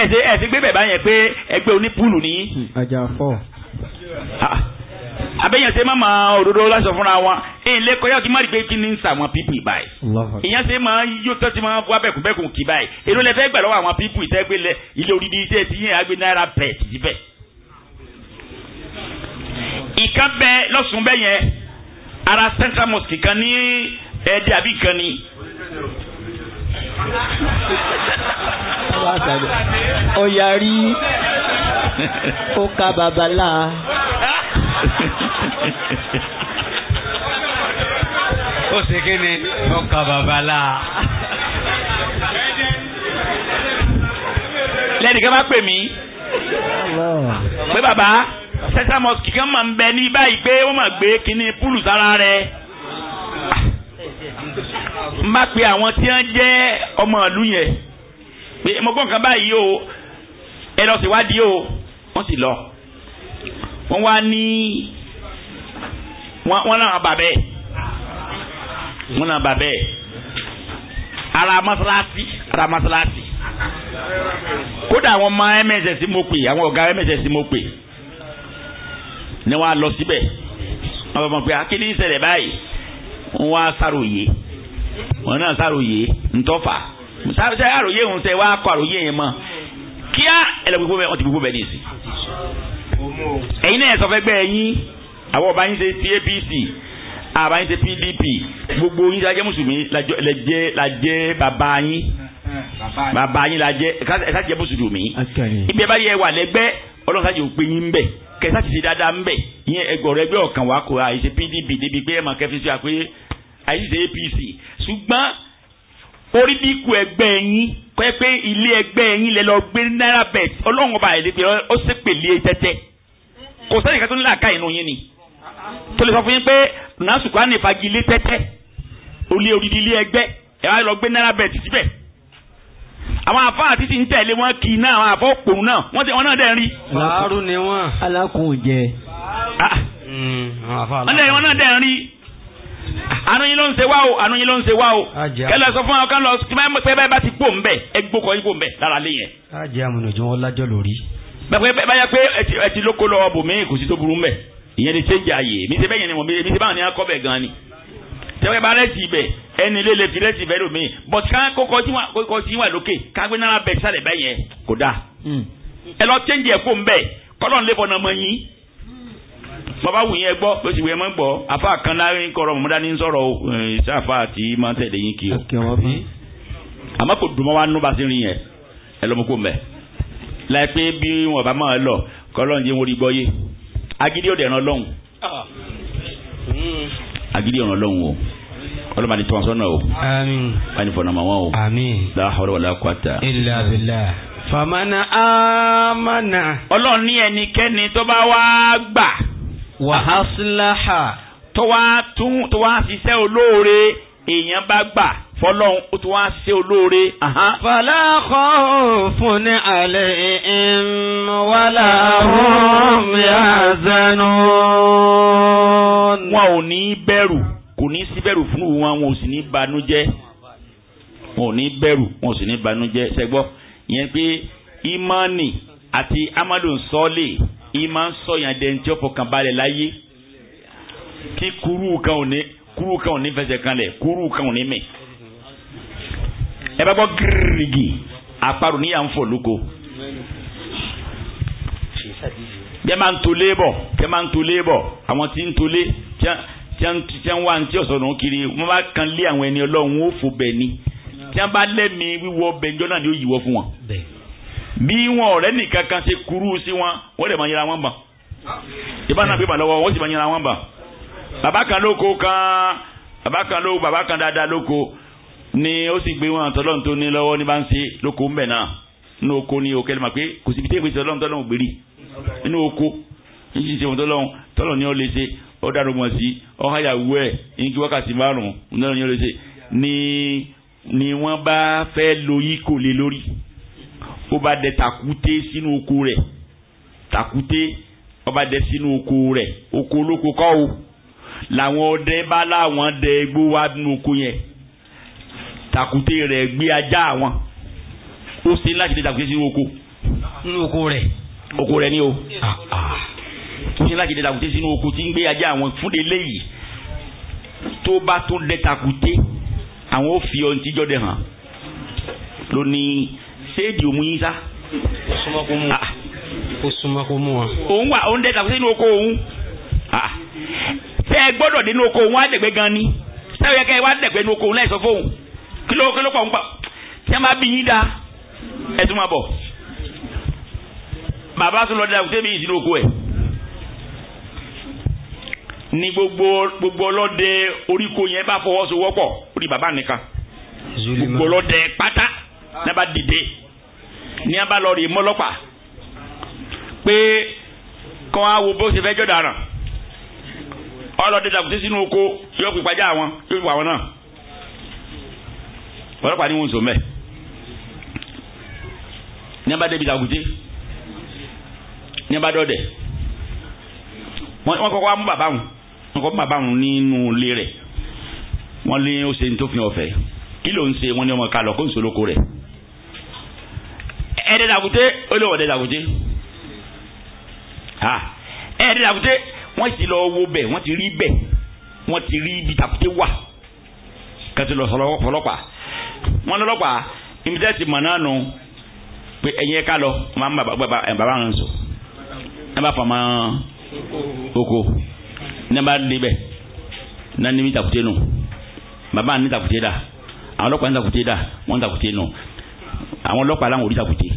ẹ̀sẹ̀ ẹ̀sẹ̀ gbé bẹ̀ báyẹn pé ẹgbẹ́ onípùlù ní. àjàfọ́. Hmm, abẹ́yẹn ṣe máa òdodo lásán fúnra wọn ilé kọjá kí n má rí pé kí ni ń sàwọn pípù báyìí. ìyẹn ṣe máa yóò tọ́ sí máa wá bẹ̀kúnbẹ̀kún kì báyìí èrò lẹ́fẹ́ gbà lọ́wọ́ àwọn pípù ìtẹ́gbẹ́lẹ̀ ilé orí ìkan bẹ lọ́sùn bẹ́yẹn ara central mosque kan ní ẹ̀ẹ́dẹ́ àbí kan ni. ó yarí ó ka babalá. ó ṣe kí ni ó ka babalá. lẹ́nìkan bá pè mí pé bàbá sẹ́sà mọ́sìkì kan máa ń bẹ ní báyìí pé wọ́n máa gbé kinní púlù sára rẹ̀ n bá pe àwọn tí wọ́n jẹ́ ọmọ ìlú yẹn pé mo gbọ́ nǹkan báyìí o ẹ lọ ṣèwádìí o wọ́n sì lọ wọ́n wá ní wọ́n náà bà bẹ́ẹ̀ wọ́n náà bà bẹ́ẹ̀ ara masalasi ara masalasi kódà àwọn ọmọ mss mo pè àwọn ọ̀gá mss mo pè ni wọ́n á lọ síbẹ̀ wọ́n bá mọ̀ pé akíní ah, ìṣẹ̀lẹ̀ báyìí wọ́n wá sàròyé wọ́n náà sàròyé ntọ́fà sàròyé òun tẹ wá kọ àròyé yẹn mọ́ kíá ẹlẹ́gbẹ̀gbọ́ bẹ́ẹ̀ wọ́n ti gbogbo bẹ́ẹ̀ ní ìsìn. ẹ̀yin náà sọ fẹ́ gbẹ́ ẹ̀yin àwọn ọba yín ṣe ti APC àbá yín ṣe PDP gbogbo yín lajẹ́ mùsùlùmí lajẹ́ lajẹ́ bàbá yín bàbá yín lajẹ́ ẹ̀ka jẹ́ mùsùlùmí ibi ẹ̀ bá yẹ wà lẹ́gbẹ́ ọlọ́run sáà jẹ́ òpin yín bẹ́ẹ̀ kẹsà ti ṣe dáadáa ńbẹ ìyẹn ẹgbọ̀rọ̀ ẹgbẹ́ ọ̀kan wa kò àìṣe PDP débi pé ẹ̀ máa kẹ́ fi ṣe àpé àìṣe APC ṣùgbọ́n orí bí ikú ẹgbẹ́ yín kọ́ ẹ pé ilé ẹgbẹ́ yín lẹ lọ gbé náírà bẹ̀t ọlọ́run ọba àìlèpẹ̀ ó sì pèlè e tẹ́tẹ́ kò sẹ́ni kan tó ní inú yín ni tó lè sọ fún yín pé nàásùkú á ní ìfagilé tẹ́tẹ́ olé odidi ilé ẹgbẹ́ ẹ̀ wá lọ gbé náírà bẹ̀t síbẹ̀ àwọn àfa àti ti ń tẹ̀lé wọn kì í náà àwọn àfọ òpòrun náà wọ́n ti wọn náà dẹ̀ ń rí. fàárù ni wọ́n. alákùn jẹ. Ah. Hmm, wọ́n dẹ̀ wọn náà dẹ̀ ń rí. àánú yín ló ń ṣe wá o àánú yín ló ń ṣe wá o. kẹlẹ sọ fún wa kán lọ tí bẹ́ẹ̀ bẹ́ẹ̀ bá ti pò ń bẹ̀ ẹ gbókọ̀ yín pò ń bẹ̀ lára lé yẹn. á jẹ́ wọn lájọ́ lórí. bẹ́ẹ̀ bá yẹ pé ẹ lóko lọ́wọ́ bòmí kò sí tó burú mẹ́ ìyẹn ti ṣe jẹ àyè mi ṣe bẹ́ẹ̀ tẹ́wọ́ bá rẹ́sì ibẹ̀ ẹni ilé lè fi rẹ́sì ibẹ̀ lómi bọ̀t ká kókó tí wà lókè kágbé náírà bẹ̀ sálẹ̀ bẹ́ẹ̀ yẹn kò dáa. Hmm. ẹ lọ chẹ́ǹjì ẹ̀ fún bẹ́ẹ̀ kọ́lọ́n lè bọ̀nà mọ́ yín. bàbá wù yín ẹ gbọ́ ló sì wù yẹn mọ́ gbọ́ afa kan láàrin kọ̀rọ̀ mọ̀mọ́dá ní sọ̀rọ̀ ìsáfà àti máa tẹ̀lé yín kí o. àmọ́ kò dùn mọ́ wa nú bá sí rin yẹn ẹ agídí ọ̀nà ọlọ́run o ọlọ́run àti tiwọn sọ́nà o. àmín. wọ́n ní fọ̀nà màwọn o. àmín. láhàrọ̀ wàlá kwata. ilà bìlà. famana amana. ọlọ́run ní ẹnikẹ́ni tó bá wá gbà. wà tó wá tún tó wá ṣiṣẹ́ olóore èèyàn bá gbà fọlọ́n ó ti wá ṣe olóore. fala khawfun alayhim wala hum yahzanun. wọn ò ní bẹ̀rù kò ní sí bẹ̀rù fún wọn wọn ò sì ní banújẹ́ wọn ò ní bẹ̀rù wọn ò sì ní banújẹ́ ṣẹgbọ́ ìyẹn pé imani àti amadu sọ́ọ̀lì iman sọ̀yàn dẹ́ntì ọ̀pọ̀ kan balẹ̀ láyé kí kúrú kan ò ní kúrú kan ò ní fẹsẹ̀ kan lẹ̀ kúrú kan ò ní mẹ́ ẹ bá gbọ́ gírígì àparò níyà ń fò lóko bí ẹ máa ń tolé bọ̀ bí ẹ máa ń tolé bọ̀ àwọn tí ń tolé tí wọ́n wá tí ọ̀sọ̀nù kiri wọ́n bá kan lé àwọn ẹni ọlọ́run ó fò bẹ̀ ni tí wọ́n bá lẹ́mìí wíwọ́ bẹ̀jọ́ náà ni ó yíwọ́ fún wọn. bí wọn ọ̀rẹ́ nìkan kan ṣe kúrú sí wọn wọ́n lè máa yẹra wọn bàn ìbá náà pépà lọ́wọ́ wọ́n sì máa yẹra wọn bàn. bàbá kan lóko kan bàbá kan lóko bàbá kan dáadáa lóko ni ó sì gbé wọn àtọ́lọ́n tó ní lọ́wọ́ ní bá ń ṣe lóko ń bẹ̀ náà nínú oko ni òkè lè mà pé kò síbi tí èkó ìṣẹ́ ọlọ́run tọ́lọ́run gbèrè nínú oko yìí ṣe wọn tọ́lọ́run tọ́lọ́run ni ó lè ṣe ó dàrú mọ̀ sí ó háyà wú ẹ̀ ní kí wákàtí márùn-ún tọ́lọ́run ni ó lè ṣe ni ni wọ́n bá fẹ́ lo yìí kò lè lórí ó bá dẹ tàkúté sínú oko rẹ̀ tàkúté ó bá dẹ sínú oko rẹ̀ oko olóko kọ́ o làwọn ọdẹ bá láwọn dẹ igbó nínú oko yẹn tàkùté rẹ̀ gbé ajá àwọn ó ṣe láti dé tàkùté sínú oko. nínú oko rẹ̀. oko rẹ̀ ni o. Ah, ah. ó ṣe láti dé tàkùté sínú oko tí ń gbé ajá àwọn fún délé yìí tó bá tó dé tàkùté àwọn ó fi ọtí jọ́dẹ̀ hàn lónìí séèdì òmùyín ó súnmọ́ kó mú wa. Ah. ó súnmọ́ kó mú wa. òun wà ó ń dé tàkùté sínú oko òun tẹ ẹ gbọ́dọ̀ oko òun á dẹgbẹ gan ni sẹwọ yẹ kẹ wá dẹgbẹ nínú oko òun láì sọ fóun Kilo kilo kí ló pọ̀ ń pa tí a máa bí yín dá ẹ tún máa bọ̀ bàbá tó lọ da òkúté mi ìdílé oko ẹ̀ ni gbogbo gbogbo ọlọ́dẹ oríko yẹn bá fọwọ́sowọ́pọ̀ orí bàbá nìkan gbogbo ọlọ́dẹ pátá ní a bá dìde ní a bá lọ rí mọ́lọ́pàá pé kàn á wo bó ṣe fẹ́ jọ̀dá ràn ọlọ́dẹ dàkúté sínú oko yóò pípa já àwọn yóò pípa àwọn náà ọlọ́pàá ni wọn sọ mẹ́ ní abá débi làgùté ní abá dọ́dẹ̀ wọ́n kọ́kọ́ mú bàbá wọn wọ́n kọ́ mú bàbá wọn nínú ilé rẹ̀ wọ́n lé ó ṣe tó fi hàn ọ̀fẹ́ kí ló ń ṣe wọ́n ní ọmọ kalọ̀ kó ń solóko rẹ̀ ẹ̀ẹ́dẹ̀ làgùté olóòwòdẹ̀ làgùté ẹ̀ẹ́dẹ̀ làgùté wọ́n ti lọ wo bẹ̀ wọ́n ti rí bẹ̀ wọ́n ti rí ibi tàkùté wà kẹ́tù lọ sọlọ́pàá wọ́n lọ́lọ́pàá níbi tẹ́ ti mọ̀ náà nù pé ẹ̀yin ká lọ máa ń bàbá bàbá ń sọ ẹ̀ bá fàmà oko ní a bá débẹ̀ náà ní mi takùté nù bàbá ní takùté dà àwọn ọlọ́pàá ní takùté dà wọ́n ní takùté nù àwọn ọlọ́pàá làwọn ò ní takùté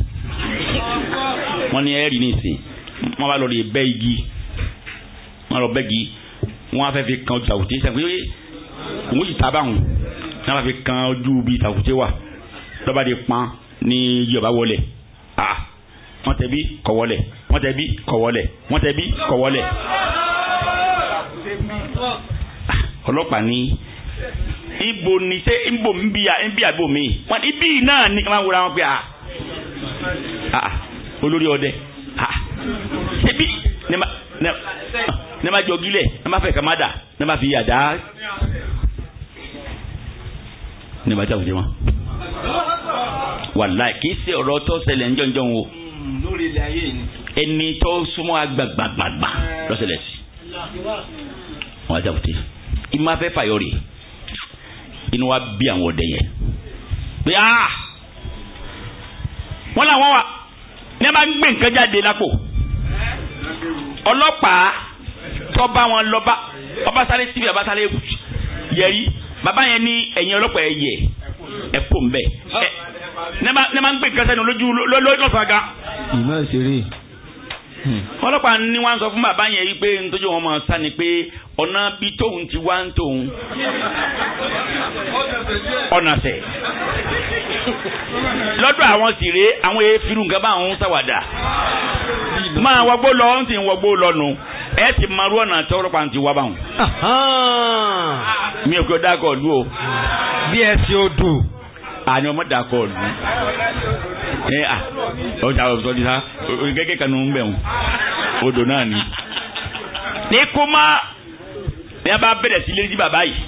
wọ́n ní ẹ̀rí ní ìsìn wọ́n bá lọ rí bẹ́ igi wọ́n lọ bẹ́ igi wọ́n á fi kan takùté sẹ́kùn òun yìí tábà hùn náà fi kan ojú bíi tàkùté wà lọ́ba di pan ni yorùbá wọlé a wọ́n tẹ̀ bí kọ̀ wọlé wọ́n tẹ̀ bí kọ̀ wọlé wọ́n tẹ̀ bí kọ̀ ibo ni se ibo ń bí a ń bí mi wọ́n ibi náà ni wọ́n wúra wọn pé a olórí ọdẹ ṣe bí ne ma jọ gílẹ̀ ne ma da. kàmádà fi yàdá ní bàtà òjò wọn. wàláì kì í ṣe ọ̀rọ̀ tó ṣẹlẹ̀ ńjọ́njọ́ wo. Hmm, ẹni tó súnmọ́ agbàgbàgbà lọ́sẹ̀lẹ̀ sí. wọ́n á jàpùtì. ìmọ̀ afẹ́ fàyọ̀ rè inú wa bí àwọn ọ̀dẹ yẹn. pé a ah! wọ́n làwọn wà ní a máa ń gbé nǹkan jáde lápò ọlọ́pàá tó bá wọn lọ bá ọbásáré síbi ọbásáré yẹrí bàbá yẹn ní ẹ̀yin ọlọ́pàá ẹ yẹ ẹ kó ẹ ní ma ń gbé nǹkan sẹ́nu lójú lọ́sàgà. ìmọ̀ ìṣeré. Hmm. ọlọ́pàá ni wọ́n sọ fún bàbá yẹn wípé nítorí wọn máa sá ni pé ọ̀nà bí tóun ti wá ń tóun ọ̀nà sẹ̀ lọ́dọ̀ àwọn sì àwọn èèfin nǹkan àwọn ń máa wọgbó lọ ń sì wọgbó lọ nù ẹ ti maru ọ̀nà tọ́lọ́pàá ti wá báwọn. mi ò kí o dákọ̀ ọ̀dù o. bí ẹ ti o dùn. àní ọmọ dákọ̀ ọ̀dù. ẹ à ọjà ọ̀sọ́ ti sá gẹ́gẹ́ kanú ń bẹ̀ wọn odò náà ni. ní kuma ní a bá bẹ̀rẹ̀ sí lérí bàbá yìí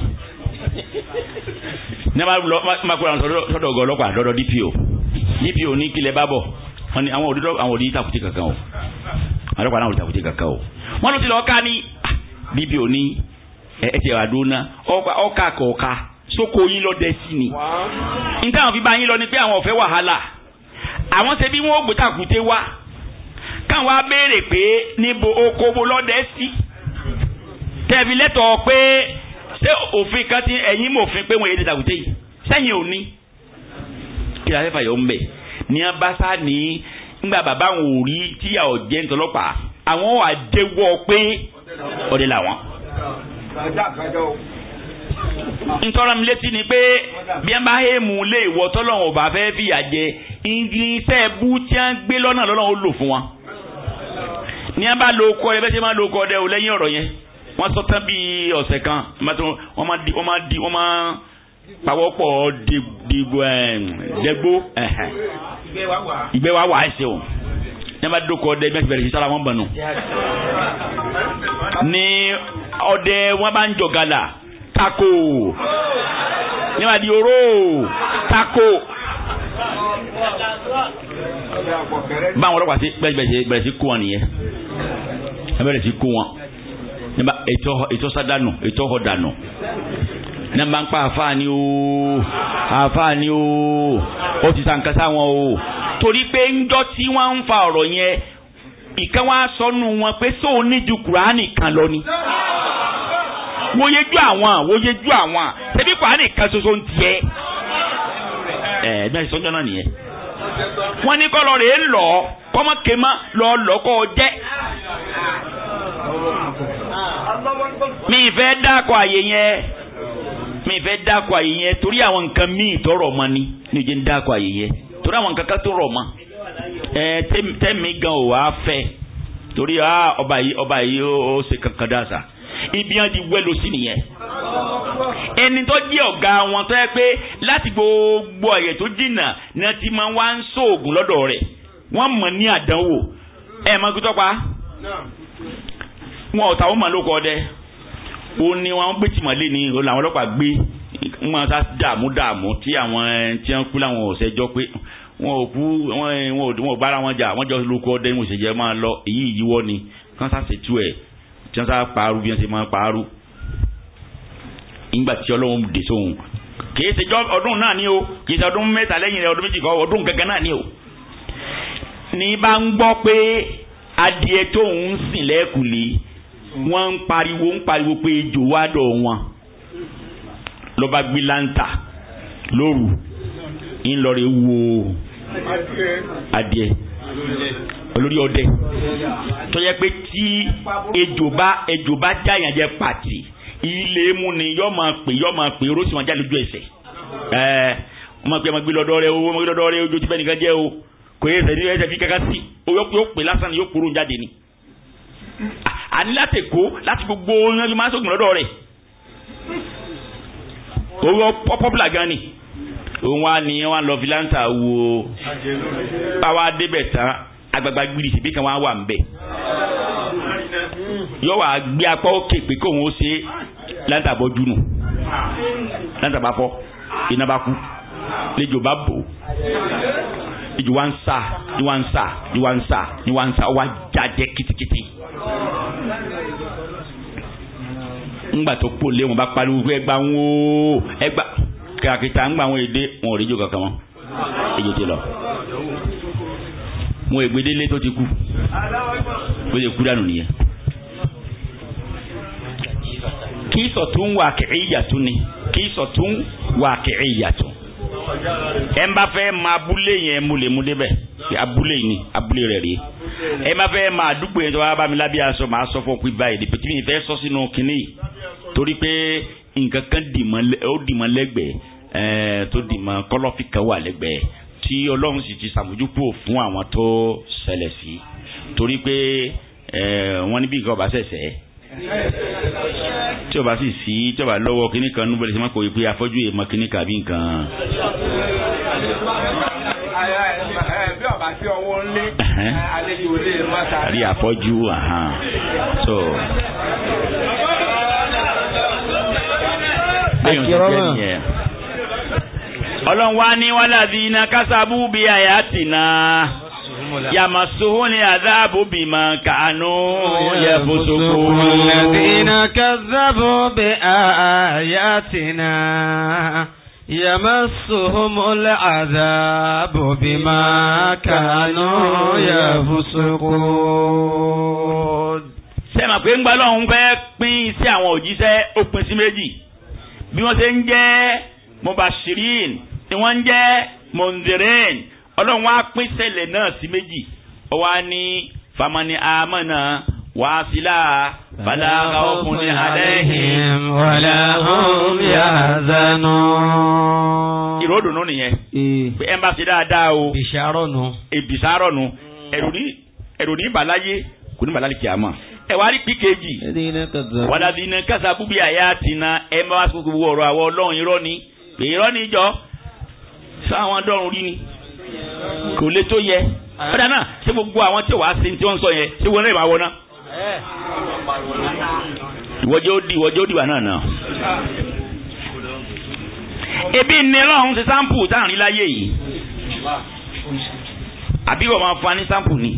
ní a bá lọ máa kóra sọ́dọ̀ ọgọ ọlọ́pàá lọ́dọ̀ DPO DPO ní kílẹ̀ bá bọ̀ wọn ni àwọn òdi àwọn òdi takùtì kankan o àwọn ọlọ́pàá náà òdi takùtì kankan o wọ́n ló ti lọ́ọ́ ká ní ah, bíbí òní ẹ̀ẹ́dẹ̀ àdóná ọkà kọ̀ọ̀ka sóko yín lọ dẹ sí ni. níta àwọn fi bá yín lọ ni pé àwọn ò wàhálà àwọn ṣe bí wọ́n ó gbé tàkùté wá káwọn á béèrè pé níbo oko bo lọ́dẹ sí. tẹ̀bi lẹ́tọ̀ọ́ pé ṣé òfin kan ti ẹ̀yìn mòfin pé wọ́n yé tàkùté yìí sẹ́yìn ò ní. kí la fẹ́ fàyọ̀ ń bẹ̀ ní abáṣá ní ngbà bàbá òun ò rí tíyà ọ̀jẹ̀ ńtọ́lọ́pàá àwọn wà déwọ́ pé ọ̀dẹ làwọn. ntọ́ra mi létí ni pé bí a bá hẹ́ẹ̀mù lé ìwọ tọ́lọ́run ọba fẹ́ fìyà jẹ irinṣẹ́ bú tí a ń gbé lọ́nà lọ́lọ́run ó lò fún wa. ní a bá lo kọ́ ẹ bẹ́ẹ̀ tí a máa lo kọ́ ọdẹ ò lẹ́yìn ọ̀rọ̀ yẹn wọ́n sọ tán bíi ọ̀sẹ̀ kan wọ́n máa di wọ́n máa di wọ́n máa pawọ́pọ̀ dìgbò ẹ̀ẹ́dẹ́gbó eh, ìgbẹ́ wa wà á ṣe o. Nema a bá dókọ ọdẹ bí wọn ti bẹ̀rẹ̀ sí sára wọn bànú. ní ọdẹ wọn bá ń jọ gàlà tako ní a bá di oró tako. báwọn ọlọ́pàá ti bẹ̀rẹ̀ sí kó wọn nìyẹn bẹ̀rẹ̀ sí kó wọn nígbà ètò ètò sádánù ètò ọ̀dànù náà ń pa àfáà ni o àfáà ni o ó ti sàǹkà sáwọn o torí pé ńjọ́ tí wọ́n ń fa ọ̀rọ̀ yẹn ìkan wá sọnù wọn pé sóò ní ju kùránì kan lọ ni wọ́n yéjú àwọn wọ́n yéjú àwọn ṣebí kùránì kan ṣoṣo ń tiẹ̀ ẹ̀ bí wọ́n ṣe sọ́jọ́ náà nìyẹn wọ́n ní kọ́ rèé lọ kọ́mọ́kémọ́ lọ lọ́kọ́ jẹ́ mi ìfẹ́ dákọ̀ àyè yẹn mi fẹ́ dákọ àyè torí àwọn nǹkan míì tọrọ ma ni ní ojú ń dákọ àyè torí àwọn nǹkan kan tó rọ̀ mọ́ ẹ tẹ́mi gan ò wá fẹ́ torí ọba yìí ọba yìí ó ṣe kankan da sa ibi hàn ti wẹ́ lọ sí nìyẹn ẹni tó jẹ́ ọ̀gá wọn tó yẹ pé láti gbogbo àyè tó jìnnà ti máa wá ń sóògùn lọ́dọ̀ rẹ̀ wọ́n mọ̀ ní àdánwò ẹ̀ máa gbé tọ́pa wọn ò dẹ́ ó ní wọn pè tìmọ́lé ni ó làwọn ọlọ́pàá gbé ń máa sá dààmú dààmú tí àwọn tí wọn kú làwọn ọ̀sẹ̀ jọ pé wọn ò kú wọn ò bára wọn jà wọn jọ lóko ọdẹ ní òṣèjẹ máa lọ èyí ìyíwọ́ ni kán sá ṣètú ẹ̀ tí wọn sá paaru bí wọn ṣe máa paaru nígbà tí ọlọ́run dè sóhun kìí ṣe jọ ọdún náà ni o kìí ṣe ọdún mẹ́ta lẹ́yìn ọdún méjì kọ́ ọdún gangan náà ni o. ní bá ń gbọ́ pé adìẹ tóun ń sìn lẹ́kùlé wọ́n ń pariwo ń pariwo pé ejò wá dọ̀ wọn ló bá gbé láǹtà lóru ńlọrọ̀ wo adìẹ olórí ọdẹ tó yẹ pé tí ejò bá ejò bá jáyàn jẹ pàtì ilé mu ni yọ máa pè yọ máa pè orósì máa já lójú ẹsẹ̀ ẹẹ wọ́n máa pè ọmọ gbé lọ́dọ̀ rẹ o ọmọ gbé lọ́dọ̀ rẹ ojú tí bẹ́ẹ̀ nìkan jẹ́ o kò yẹ ẹsẹ̀ ní ẹsẹ̀ fi kankan sí o yọ pé ó pè lásán ni yóò kúrò jáde ni àní láti èkó láti gbogbo yẹn ló máa ń sógun lọ́dọ̀ rẹ̀ owó pọ́pọ́pùlà gan ni òun wa ni wọn lọ filanta wo báwa débẹ̀ tán agbagba gbiri síbi kan wá wà ń bẹ̀ yóò wá gbé apá òkè pé kóun ó ṣe lanta bọ́ dunu lanta bá fọ́ iná bá kú lẹ́jọ́ bá bò ìjọ wa ń sà ìjọ ń sà ìjọ ń sà ìjọ ń sà ó wá jáde kitikiti ńgbà tó pòlé wọn bá pariwo fún ẹgbà wọn o ẹgbà kàkìtà ńgbà wọn èdè wọn ò rí jù kankan mọ́ èyí ti lọ wọn ègbè délé tó ti kú ó lè kú dànù nìyẹn. kí sọ̀tún wà kìí yàtún ni kí sọ̀tún wà kìí yàtún ẹ ń bá fẹ́ máa abúlé yẹn múlẹ̀múlẹ̀ bẹ́ẹ̀ abúlé yìí ni abúlé rẹ̀ rèé ẹ má fẹ́ máa dúpọ̀ yẹn tó bá bá mi lábẹ́ aṣọ màá sọ fún ọkùnrin báyìí dèpẹ́ tí mi fẹ́ sọ sínú kínní torí pé nǹkan kan ó dìmọ̀ lẹ́gbẹ̀ẹ́ eh, tó dìmọ̀ kọ́lọ́fì kan wà lẹ́gbẹ̀ẹ́ tí ọlọ́run sì ti sàmójúkúrò fún àwọn tó ṣẹlẹ̀ sí torí pé eh, wọ́n ní bí nǹkan ọba ṣẹ̀ṣẹ̀ tí ọba sì sí tí ọba lọ́wọ́ kíníkan núbẹ̀lẹ̀ sí máa kò pé afọ́jú èèmọ̀ kíníkan àbí nǹkan àti ọwọ́ ńlé àlejò òde mọ́ta. àrí àfọ́jú so. ọlọ́run wá ní wàlàbí iná kásábù bí àyà tì náà yamasuhun adaabu bima kanu yabusukun. Alladhina kazzabu bi ayatina. يمسهم العذاب بما كانوا يفسقون sẹ́mà pé ń gba lọ́hún fẹ́ pín sí àwọn òjíṣẹ́ ó sí méjì bí wọ́n ṣe ń jẹ́ mubashirin tí wọ́n ń jẹ́ mundirin ọlọ́run wá pín sẹ́lẹ̀ náà sí méjì ó wá ní famani amana وافلا فلا خوف عليهم ولا هم يحزنون ìròdùnú nìyẹn pé ẹ bá ṣe dáadáa o bìṣàrọ̀nù èbìṣàrọ̀nù hmm. ẹ̀rù ní ìbàláyé kò ní ìbàláyé kìámà ẹ wá rí píkejì wàdàbí iná kásá búbí àyà àtìná ẹ bá wá sí gbogbo ọ̀rọ̀ àwọn ọlọ́run irọ́ ni pé irọ́ ni ìjọ sáwọn dọ́run rí ni kò lè tó yẹ ọ̀dà náà ṣé gbogbo àwọn tí wàá ṣe tí wọ́n sọ yẹn ṣé wọ́n náà ìbá wọ́n náà ìwọ́jọ́ ó di ìwọ́jọ́ ó di wà náà náà. ebi ní lọ́hún ṣe sáǹpù tá à ń rí láyé yìí àbí wọ́n máa fa ní sáǹpù ni.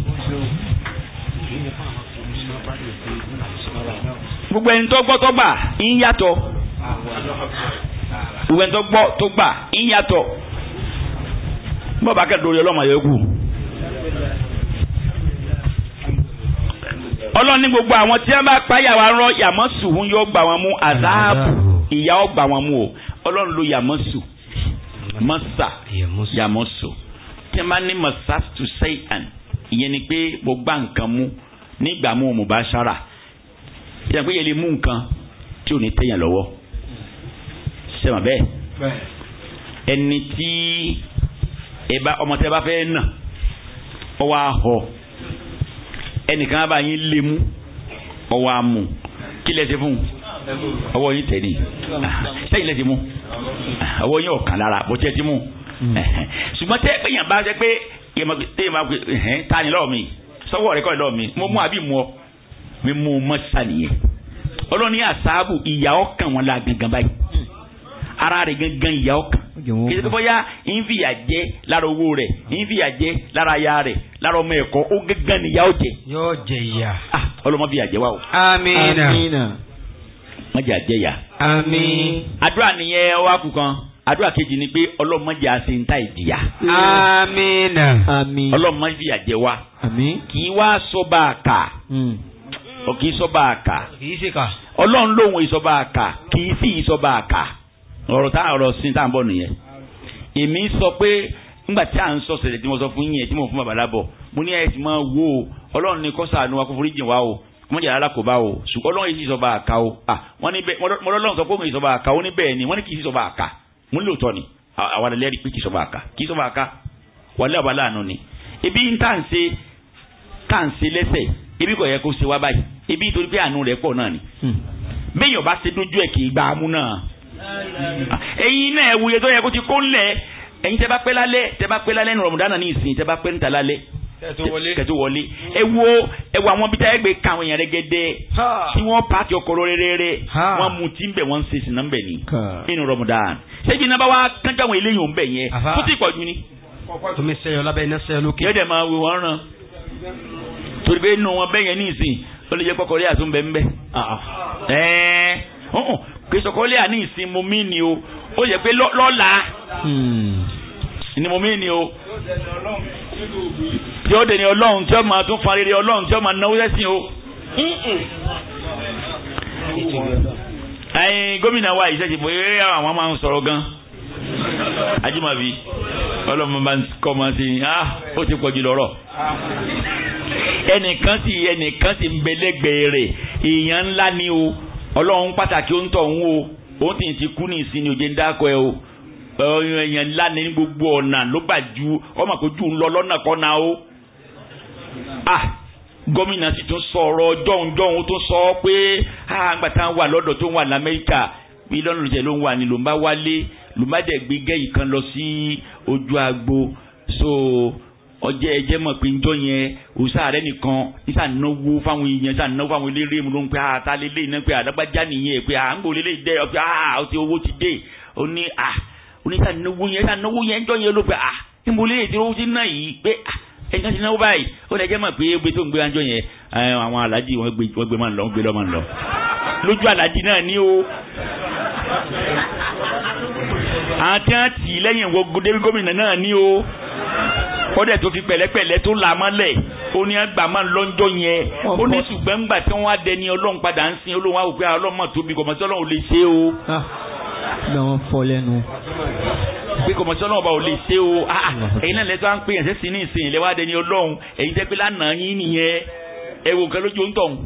gbogbo ẹni tó gbọ́ tó gbà ń yàtọ̀ gbogbo ẹni tó gbọ́ tó gbà ń yàtọ̀ bọ́ọ̀ bá kẹ́ ọlọ́mọ yẹn kù. ọlọ́run ní gbogbo àwọn tí wọ́n bá páyà wa rán yàmọ́sù ń yọ gbà wọn mú àzáàbù ìyá ọ gbà wọn mú o ọlọ́run ló yàmọ́sù mọ́sà yàmọ́sù tí wọ́n bá ní mọ́sà tó sẹ́yìn ìyẹn ni pé mo gbá nǹkan mú nígbà mú mo bá ṣára ìyẹn pé yẹn lè mú nǹkan tí ò ní tẹ̀yàn lọ́wọ́ sẹ́wọ̀n bẹ́ẹ̀ ẹni tí ọmọ tẹ́ bá fẹ́ nà ọ wá ẹnìkan bá yín lé mú ọwọ́ àmú kí lẹ ṣe fún ọwọ́ yín tẹ̀lé sẹ́yìn lẹ ti mú ọwọ́ yín ọ̀kan lára bó tẹ́ ti mú ṣùgbọ́n tẹ́ pé yàn bá ṣe pé téèyàn bá pè ta ni lọ́ọ̀ mi sọ́wọ́ rẹ̀ kọ́ lọ́ọ̀ mi mo mú àbí mu mi mú mọ́ sànìyàn ọlọ́ni àṣàbù ìyà ọkàn wọn la gangan báyìí ara rẹ̀ gangan ìyàwó kan kìí sọ bóyá ń fìyà jẹ lára owó rẹ̀ ń fìyà jẹ lára aya rẹ̀ lára ọmọ ẹ̀kọ́ ó gangan ìyàwó jẹ. yóò jẹ ìyà. Ah, ọlọmọ fìyà jẹ wa o. amiina. má jẹ àjẹ yà. àmín. àdúrà nìyẹn wá kú kan àdúrà kejì ni pé ọlọ́mọdé àṣentá ìdìyà. amiina. àmín. ọlọ́mọdé fìyà wa. àmín. kì í wá sọ́ba àkà. Hmm. kì í sọ́ba àkà. kì í ṣe kà. ọlọ́run lòun ìsọba àkà kì í sì ìsọba àkà ọ̀rọ̀ tá ọ̀rọ̀ sí tá à ń bọ̀ nìyẹn èmi sọ pé nígbà tí à ń sọ sẹ̀lẹ̀ tí mo sọ fún yín tí mo fún bàbá lábọ̀ mo ní ẹ̀sìn máa wo ọlọ́run ní kọ́sà ni wa kó forí jìn wá o wọ́n jẹ́ alákòóbá o ṣùgbọ́n ọlọ́run yìí sọba àká o wọ́n ní bẹ́ẹ̀ mo lọ́lọ́run sọ pé òun yìí sọba àká o ní bẹ́ẹ̀ ni wọ́n ní kì í sọba àká mo ní lóòótọ́ ni àwọn alẹ́ rí pé kì í sọba àká kì í sọba àká wàlẹ́ ọba láàánú ni ibi ń tà ń ṣe tà ń ṣe lẹ́sẹ̀ ibi kò yẹ kó ṣe wá báyìí ibi torí pé àánú rẹ̀ pọ̀ náà ni hmm. bẹ́ẹ̀ yọ̀bá ṣe dójú ẹ̀ kì í gbà á mú náà ẹ̀yin náà ẹ̀wù yẹn tó yẹ kó ti kó lẹ̀ ẹ̀yin tẹ́ bá pẹ́ lálẹ́ tẹ́ bá pẹ́ lálẹ́ ní rọ̀mùdánà ní ìsìn tẹ́ bá pẹ́ níta lálẹ́ kẹtù wọlé ẹ wo ẹ wo àwọn bíi táyà gbé ka àwọn èèyàn rẹgẹdẹ tí wọn paaki ọkọlọ rẹrẹrẹ wọn mutí ń bẹ wọn ń ṣe sinna ń bẹ ni inú rọmọdán ṣébi náà bá wa kánjá àwọn eléyìí ń bẹ yẹn tó ti pọ̀ jù ni. sẹyọ lábẹ́ iná sẹyọ lókè. yóò dẹ̀ máa wí wọ́n ràn torí bẹ́ẹ̀ nù wọn bẹ́ẹ̀ yẹn ní ìsìn ó kọ́kọ́rẹ́ àtúnbẹ̀ Oh, oh, kì í sọ kọ́lé àní ìsinmi mi ni o ó yẹ pé lọ́la hmm. ni mo mi ni o tí ó dẹni ọlọ́run tí ó máa tún fa rere ọlọ́run tí ó máa náwó sẹ́sìn o. ẹyin gómìnà wa ìṣe ìṣèpọ̀ eré àwọn máa ń sọ̀rọ̀ gan ajimabi ọlọ́run bá ń kọ́ ọmọ sí ah ó ti pọ̀ jù lọ́rọ̀ ẹnìkan sì ẹnìkan sì ń bẹ lẹ́gbẹ̀ẹ́ rẹ̀ èèyàn ńlá ni o. ọlọ́run pàtàkì ó ń tọ̀ ń wo ó ti ti kú ní ìsinmi òjé ń dákọ̀ ẹ o ọyàn èèyàn ńlá ní gbogbo ọ̀nà ló bà ju ọmọ àkójú ń lọ lọ́nà kọ́nà o. Ah, gómìnà sì tún sọ̀rọ̀ jọ̀hún-jọ̀hún sọ pé àgbà ah, tá wà lọ́dọ̀ tó ń wà lamẹ́ríkà ló ń wà ní ló ń agbo so ọjẹ ẹjẹ mọ pé njọ yẹn òòsà rẹ nìkan nísà náwó fáwọn èèyàn nísà náwó fáwọn eléré mu ló ń pè á ah, ta lélẹ iná pé àdágbájá nìyẹn pé à ń gbò lélẹ dẹ ọpẹ à ah, ọtí owó ti dé ó ní à ah, onísà náwó yẹn nísà náwó yẹn njọ yẹn ló pé à níbo lélẹ tí owó ti ná yìí pé à ẹnìkan ti náwó báyìí ó lẹ jẹ mọ pé ebi tó ń gbé anjọ yẹn eh, àwọn aláàjì wọn gbé wọn gbé máa ń lọ wọn gbé lọ máa ń lọ ọdẹ tó fi pẹ̀lẹ́pẹ̀lẹ́ tó là mọ́lẹ̀ ó ní àgbà máa ń lọ́njọ́ yẹn ó ní ṣùgbọ́n ńgbà tí wọ́n á dẹni ọlọ́run padà ń sin olóhùn àwògbé ah, ọlọ́mọ tóbi kọ̀mọ́sí ọlọ́run ò lè ṣe o. lọ́wọ́ ah, fọ lẹ́nu. pé kọ̀mọ́sí ọlọ́run ọba ò lè ṣe o ah, ẹ̀yin náà lẹ́tọ́ à ń pè yàn sẹ́sìn ní ìsìn ìlẹ́wà dẹni ọlọ́run ẹ̀yin tẹ́ pé lánàá yín nìyẹn ẹ wò nǹkan lójú ń tọ̀hún.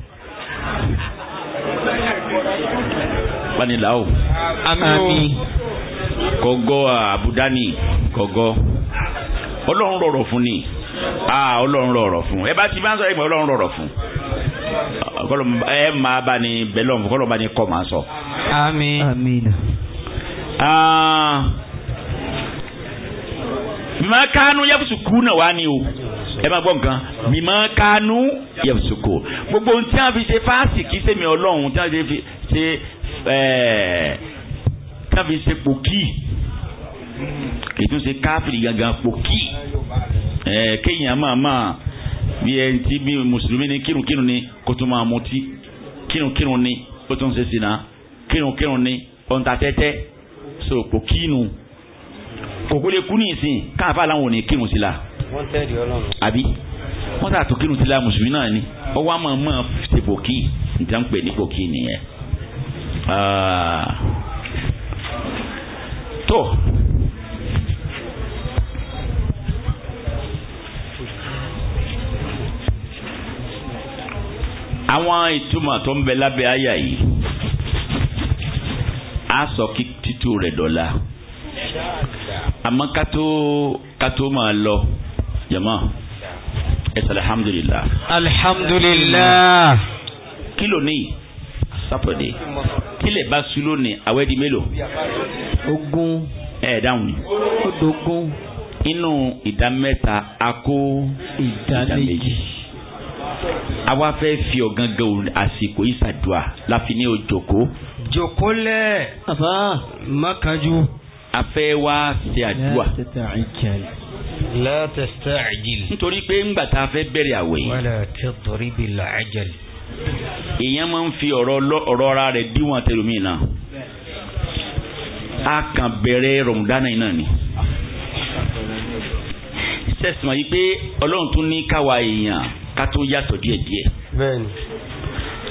panilá o. àmín. kọ́gọ́ ọlọ́run rọrọ̀ fún ni ọlọ́run rọrọ̀ fún ẹ bá ti bá ń sọ ẹ mọ̀ ọlọ́run rọrọ̀ fún ẹ máa bá ní bẹ́lọ̀ fún kọ́lọ́ bá ní kọ́ máa sọ. àmín. bímọ kánú yẹ́fùsùkú náà wá ní o ẹ máa gbọ́ nǹkan bímọ kánú yẹ́fùsùkú gbogbo ohun tí wọ́n fi ṣe fáàsì kí sẹ́mi ọlọ́run tí wọ́n fi ṣe tí wọ́n fi ṣe pòkì ìtúnṣe káfíìrì gangan pòkì ẹ̀ kéèyàn máa máa bí ẹni tí bí mùsùlùmí ni kírunkírun ni kó tún máa mutí kírunkírun ni ó tún ṣe sìnà kírunkírun ni ó ń ta tẹ́tẹ́ so pòkìnù kòkó lè kú ní ìsìn káàfà làwọn ò ní kírun sí la àbí wọ́n tà tó kírun sí la mùsùlùmí náà ni ó wá máa máa ṣe pòkì níta ń pè ní pòkì nìyẹn. Ah. tó àwọn ìtumọ̀ tó ń bẹ lábẹ́ àyà yìí á sọ kí títú rẹ̀ dọ̀la àmọ́ kátó kátó máa lọ jama ẹsẹ̀ alihamdulilah. alihamdulilah. kí ló ní sátọ̀dẹ̀ tílẹ̀ bá sú lónìí àwẹ̀ di mélòó. ogún. ẹ dáhùn ó dogun. inú ìdá mẹ́ta a kó ìdá méjì Awa àwa fẹ́ fi ọ̀gángan àsìkò yìí ṣàdúà o ní òjòkó. jòkó lẹ̀ mọ́kànjú. a fẹ́ wá ṣe àdúà. la tasta'jil. nítorí pé ńgbà tá a fẹ́ bẹ̀rẹ̀ àwẹ̀. wala tadrib bil ajal. èèyàn máa ń fi ọ̀rọ̀ ara rẹ̀ díwọ̀n tẹlumi náà. a kàn bẹ̀rẹ̀ rọ̀mùdánà yìí náà ni sẹ́sìmọ̀ yìí pé ọlọ́run tún ní káwa èèyàn ká tó yàtọ̀ díẹ̀ díẹ̀. bẹ́ẹ̀ni.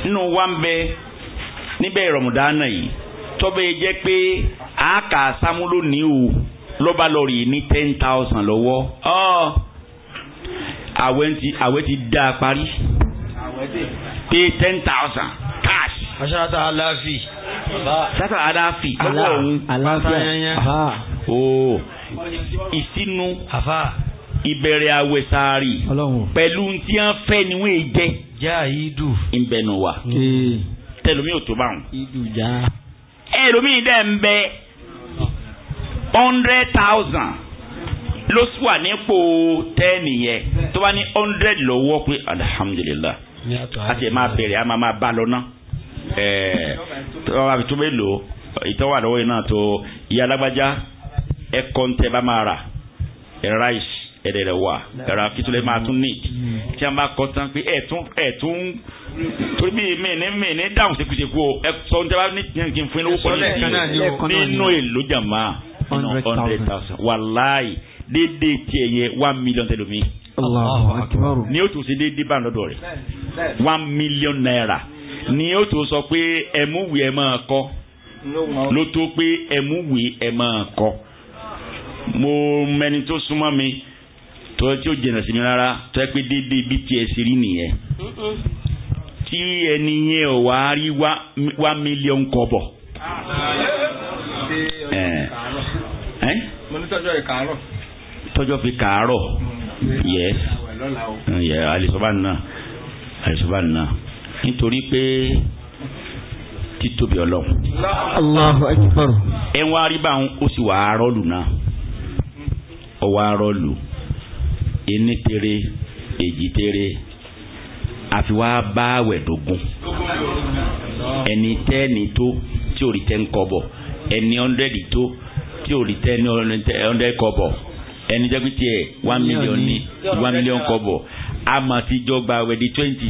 nínú wa ń bẹ níbẹ̀ rọ̀mùdánà yìí tọ́bẹ̀ jẹ́ pé a kà sámúlò ní o lọ́ba lọ́ọ̀rì ní ten thousand lọ́wọ́ ah. àwẹ̀ ti àwẹ̀ ti dá a parí pé ten thousand cash. aṣááta aláfi. aṣááta aláfi lọ́wọ́ òun. aláfi aláfi. ooo ìsinu. àfa ìbẹ̀rẹ̀ àwẹ̀ sàárì pẹ̀lú tí wọ́n fẹ́ ni wọ́n jẹ́ jáàyídù ìbẹ̀nù wa tẹlomi ò tó bá wọn. ẹlòmíì dẹ̀ ń bẹ hundred thousand ló sì wà nípò tẹ́ẹ̀nì yẹn tó bá ní hundred lọ́wọ́ pé alhamdulillah a ti máa bẹ̀rẹ̀ a máa máa bá lọ náà tó bẹ́ẹ̀ lò ìtọ́wà lọ́wọ́ yìí náà tó ìyá alágbájá ẹ̀kọ́ ń tẹ́ bá máa rà rice ẹ̀rẹ̀ rẹ̀ wà ẹ̀rọ akitulẹ̀ máa tún ní mm-hmm. mm-hmm. tí a bá kọ́ tán pé ẹ̀tún ẹ̀tún torí bí mẹ́ẹ̀ni mẹ́ẹ̀ni dáhùn sékúsékú o ẹ̀sọ́ ní tẹ́lá ní tiẹ̀ kí n fún yín lówó kọ́ ní nínú èlò jàmá hundred thousand wàláì déédéé tiẹ̀ yẹ one million tẹlomi. ni o tún ṣe déédéé bá lọ́dọ̀ rẹ̀ one million naira ni o tún sọ pé ẹ̀múwì ẹ̀ máa kọ́ ló tó pé ẹ̀múwì ẹ̀ máa kọ́ mo mẹni tó súnmọ́ mi tó tí ó jẹ̀nà sí mi rárá tó yẹ pé dédé bí tiẹ̀ sì rí nìyẹn. tí ẹni yẹn ò wá rí wá mílíọ̀nù tọ́jọ́ fi kàárọ̀ yes àlìsọ́bà mm, náà àlìsọ́bà nítorí pé títóbi ọlọ́run. ẹ wá rí ó sì ení tere èjì tere àfiwá bá àwẹ̀ dógún ẹni tẹ́ni tó tí ò rí tẹ́ ń kọ́bọ̀ ẹni ọ̀ndẹ́dì tó tí ò rí tẹ́ ní ọ̀ndẹ́ kọ́bọ̀ ẹni jẹ́ tiẹ̀ one million ni one million kọ́bọ̀ a máa ti jọ gba àwẹ̀ di twenty. ẹ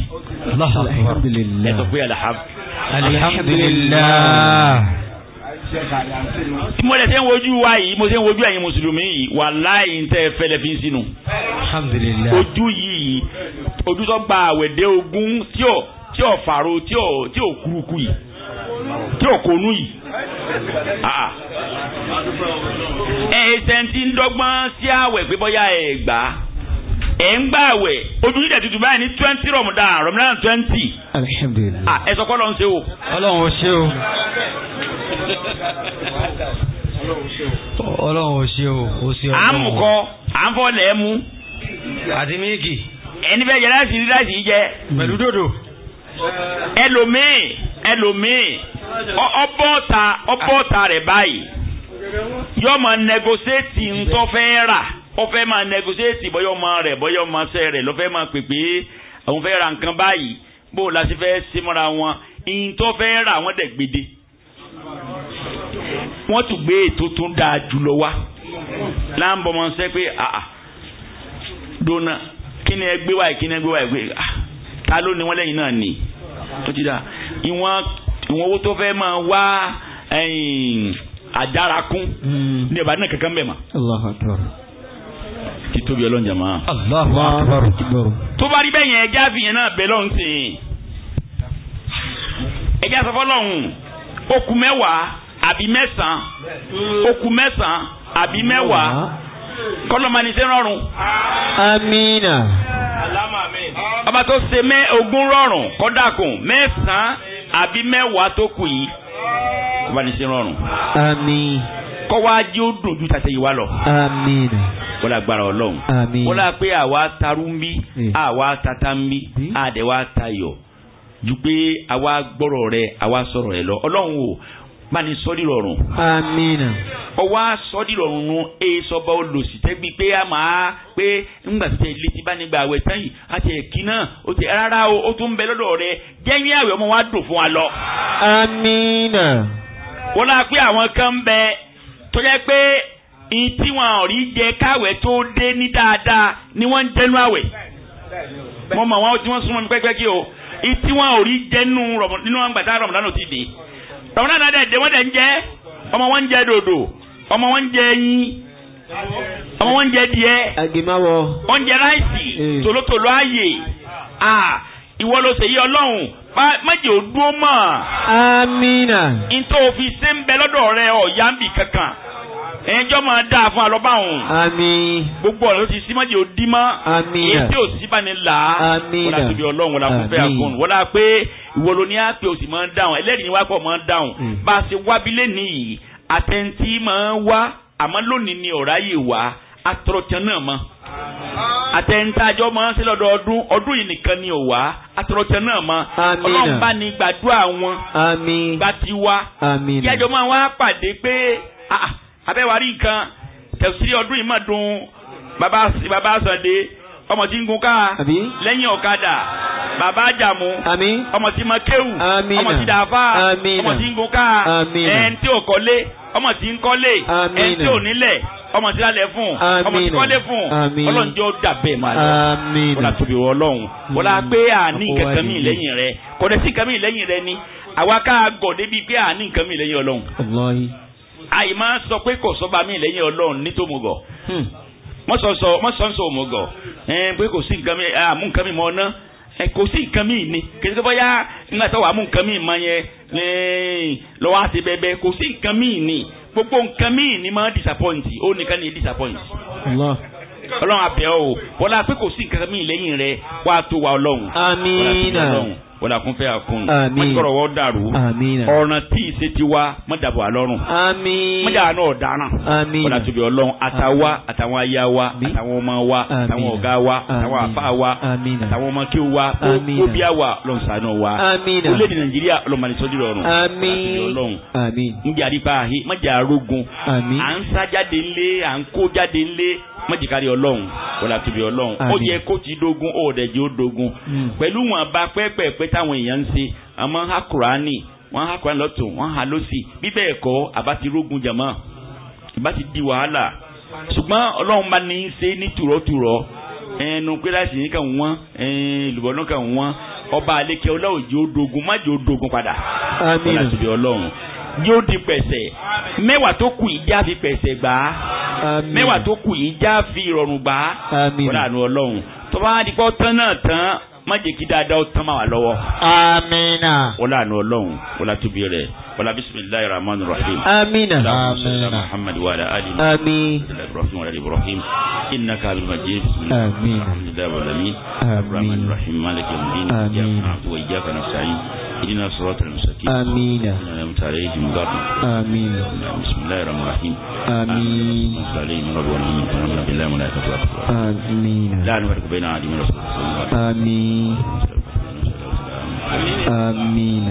sọ pé alhamdulilayi mo lè ṣe ń wojú wa yìí mo ṣe ń wojú ẹ̀yin mùsùlùmí yìí wàláhì ń tẹ́ fẹ́lẹ́ fi ń sínú. alhamdulillah ojú yìí ojú tó gba àwẹ̀dẹ́ ogún tí ò tí ò fàró tí ò tí ò kúrukú yìí tí ò kónú yìí. ẹ ẹ ń dọ́gbọ́n sí àwẹ̀ pé bọ́yá ẹ̀ gbà á ẹ̀ ń gbà wẹ̀ ojú yìí dẹ̀tutù báyìí ní twenty rọ̀mùdà rọ̀mùdà twenty. Ah, ẹ sọ kọ́ lọ́n ṣe o. ọlọ́run ò ṣe o ọlọ́run ò ṣe o ò ṣe ọlọ́run. àmukọ àǹfọ̀lẹ̀ mu. àti mílíkì. ẹni bẹ́ẹ̀ jẹ láti rí láti jẹ. pẹ̀lú dòdò. ẹlòmíì ẹlòmíì ọbọ̀ọ̀ta ọbọ̀ọ̀ta rẹ̀ báyìí yóò máa nẹgọsẹ́ẹ̀tì ńtọ́ fẹ́ rà ó fẹ́ máa nẹgọsẹ́ẹ̀tì bọ́yọ̀ ọmọ rẹ̀ bọ́yọ̀ ọmọ sẹ́ rẹ̀ ló fẹ́ máa pèpè àwọn fẹ́ ra nǹkan báyìí bó o la fẹ́ símọ́ra wọn ìyìn fẹ́ rà wọ́n dẹ̀ gbèdé wọ́n tún gbé ètò tó ń dáa jùlọ wá láǹbọ̀mọ̀ sẹ́ pé àà dona kí ni ẹ gbé wáyé kí ni ẹ gbé wáyé gbé ah ta ló ni wọ́n lẹ́yìn náà ni ó ti dà ìwọ̀n ìwọ̀n owó tó fẹ́ máa wá àdárakún ní ìbàdàn náà kankan bẹ̀ mà. Allahu Akbar ọlọ́njà máa. tó bá rí bẹ́ẹ̀ yẹn ẹja fìyẹn náà bẹ̀ lọ́hùn sí i ẹja sọ fọlọ́hùn okùn mẹ́wàá àbí mẹ́sàn-án okù mẹ́sàn-án àbí mẹ́wàá kọlọmọani ṣe rọrùn. amina. ọba tó ṣe mẹ ogún rọrùn kọdàkùn mẹ́sàn-án àbí mẹ́wàá tó kù yìí kọlọmọani ṣe rọrùn. àmín. kọ́wájú ó dùn ju tàṣẹ yìí wá lọ. amina. wọ́n agbára ọlọ́run. àmín. wọ́n la pé àwa tarú ń bí àwa tata ń bí àdẹ̀wà tayọ̀ ju pé àwa gbọ́rọ̀ rẹ̀ àwa sọ̀rọ̀ rẹ̀ lọ ọlọ́run o E bá ní sọ́dí rọrùn. amina. ọwọ́ sọ́dí rọrùn nu èsọba olùsítẹ́gbì pé a máa pé ńgbà tí ẹ létí bá nígbà àwẹ̀ tán yìí àti ẹ̀kí náà ó ti rárá o ó tún ń bẹ lọ́dọ̀ rẹ jẹ́yìn àwẹ̀ ọmọ wa dùn fún wa lọ. amina. wọ́n lọ pé àwọn kan ń bẹ tó yẹ pé ìyìn tí wọn ò rí jẹ káwẹ̀ tó dé ní dáadáa ni wọ́n ń jẹnu àwẹ̀ mo mọ̀ tí wọ́n súnmọ́ mi pẹ́pẹ́ kí o ìyìn tí wọn ò rí jẹnu nínú àgbàdá rọ̀mọ̀dánù ti dè ramadan náà dẹ̀ dé wọ́n dẹ̀ ń jẹ́ ọmọ wọn ń jẹ dòdò ọmọ wọn ń jẹ ẹyin ọmọ wọn ń jẹ díẹ̀ wọn ń jẹ ráìsì eh. tòlótòló ààyè ìwọ ló ṣèyí ọlọ́run májè ó dúró mọ́. amina. n tó fi ṣe ń bẹ lọ́dọ̀ rẹ ọ̀yá ń bì kankan ẹjọ́ máa dá a fún alọ́bà òun. àmín. gbogbo ọ̀rọ̀ ló ti sí májèlé òdì mọ́. àmín. èyí tí ò sí bá ní là á. àmín. wọ́n á tóbi ọlọ́run wọ́n á fún fẹ́ àkọ́nù wọ́n á pé ìwọ ló ní á pé o sì máa ń dáhùn ẹlẹ́rìí wá pọ̀ máa ń dáhùn. Hmm. bá a ṣe wábi lẹ́nìí yìí àtẹ̀ntì máa ń wá àmọ́ lónìí ni ọ̀rá yìí wá atọ̀rọ̀tàn náà mọ́. àtẹ̀ntàjọ́ máa ń ṣe lọ́dọọdún ọdún yìí nìkan ni ò wá atọ̀rọ̀tàn náà mọ́. ọlọ́run bá ní gbàdúrà wọn. àmín. gbàtiwa. àmín. kí ẹjọ́ máa wá pàdé pé abẹ́wárí nǹkan tẹ̀sírí ọdún yìí mà dùn bàbá àsàndé ọmọ tí ń gun káà lẹ́yìn ọ̀kadà bàbá àjàmú ọmọ tí mọ kéwù ọmọ tí dàáfà ọmọ tí ń gun káà ẹni tí ò kọ́lé ọmọ tí ń kọ́lé ẹni tí ò nílẹ̀ ọmọ tí lálẹ́ fún ọmọ tí kọ́lé fún ọlọ́run jọ máa lọ wọ́n àtúbí wọ ọlọ́run wọ́n pé àní nǹkan mi lẹ́yìn rẹ kọ́dẹ́sì nǹkan mi lẹ́yìn rẹ ni àwa ká gọ̀ débi pé àní nǹkan mi lẹ́yìn ọlọ́run àìmá sọ pé kò sọ́ba mi lẹ́yìn ọlọ́run nítòmùgọ̀ hmm. mọ́sọ̀nsọ̀ òmùgọ̀ pé kò sí nǹkan mi àmú nǹkan mi mọ́ ọ́ná kò sí nǹkan mi ni kìí sọ bóyá nígbà tó wà á mú nǹkan mi mọ yẹn lọ́wọ́ àti bẹ́ẹ̀bẹ́ kò sí nǹkan mi ni gbogbo nǹkan mi ni máa disappoint ó nìkan ni disappoint ọlọ́run àbẹ̀ ọ́ wọlá pé kò sí nǹkan mìíràn lẹ́yìn rẹ wàá tó wa ọlọ́run. amiina wọlá kún fẹ́ àkún. amiina wọ́n ti dàrú. amiina ọ̀ràn tí ìṣe ti wá mọ̀dàbọ̀ àlọ́run. amiina mọ̀dàbọ̀ náà dáná. amiina wọlá tóbi ọlọ́run àtàwa àtàwọn aya wa àtàwọn ọmọ wa àtàwọn ọ̀gá wa àtàwọn àfa wa àtàwọn ọmọ kí wa òbí wa ọlọ́run ṣàánú wa. amiina orílẹ̀-èdè nàìjíríà ọlọ́mọdésọ́jú rọrùn. amiina amiina ń jẹ́ amiina ń sá mọ̀jìkárí ọlọ́run wọlé àtúbí ọlọ́run ó yẹ kó ti dógún ó dẹ̀ jẹ́ ó dógún hmm. pẹ̀lú wọn bá pẹ́pẹ́pẹ́ táwọn èèyàn ń ṣe àmọ́ ha kùránì wọ́n ha kùránì lọ́tún wọ́n ha lọ́sì bí bẹ́ẹ̀ kọ́ àbá ti rógun jàmọ́ ìbá ti di wàhálà ṣùgbọ́n ọlọ́run bá ní í ṣe ní tùrọ̀tùrọ̀ ẹnu pé láti yín kàn wọ́n ìlùbọ̀nà kàn ọba àlekẹ́ ọlọ́run jẹ́ ó má jẹ́ ó dógún padà wọlé àtúbí ọlọ́run yóò di pẹ̀sẹ̀ mẹ́wàá tó kù yìí já fi pẹ̀sẹ̀ gbà á mẹ́wàá tó kù yìí já fi ìrọ̀rùn gbà á kọ́lá àánú ọlọ́run tó bá di pọ́ tán náà tán má jẹ́ kí dáadáa ó tán máa wà lọ́wọ́. amina. wọ́n lànà ọlọ́run wọ́n látúbí rẹ̀. ولا بسم الله الرحمن الرحيم آمين اللهم صل على محمد وعلى آل محمد آمين وعلى إبراهيم وعلى إبراهيم إنك حميد مجيد بسم الله آمين الحمد لله رب العالمين الرحمن الرحيم مالك يوم الدين إياك نعبد وإياك نستعين اهدنا الصراط المستقيم آمين أنعمت عليهم غير آمين بسم الله الرحمن الرحيم آمين صل عليهم رب العالمين ونعمنا بالله وملائكته وأكبر آمين لا نفرق بين عهد من رسول الله آمين آمين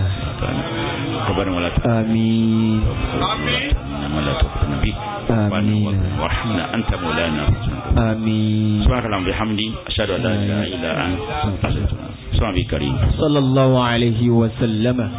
وبارك ولا آمين ولا تغفرنا به آمين وارحمنا أنت مولانا آمين سبحانك اللهم بحمدي أشهد أن لا إله إلا أنت أستغفرك سبحانك الكريم صلى الله عليه وسلم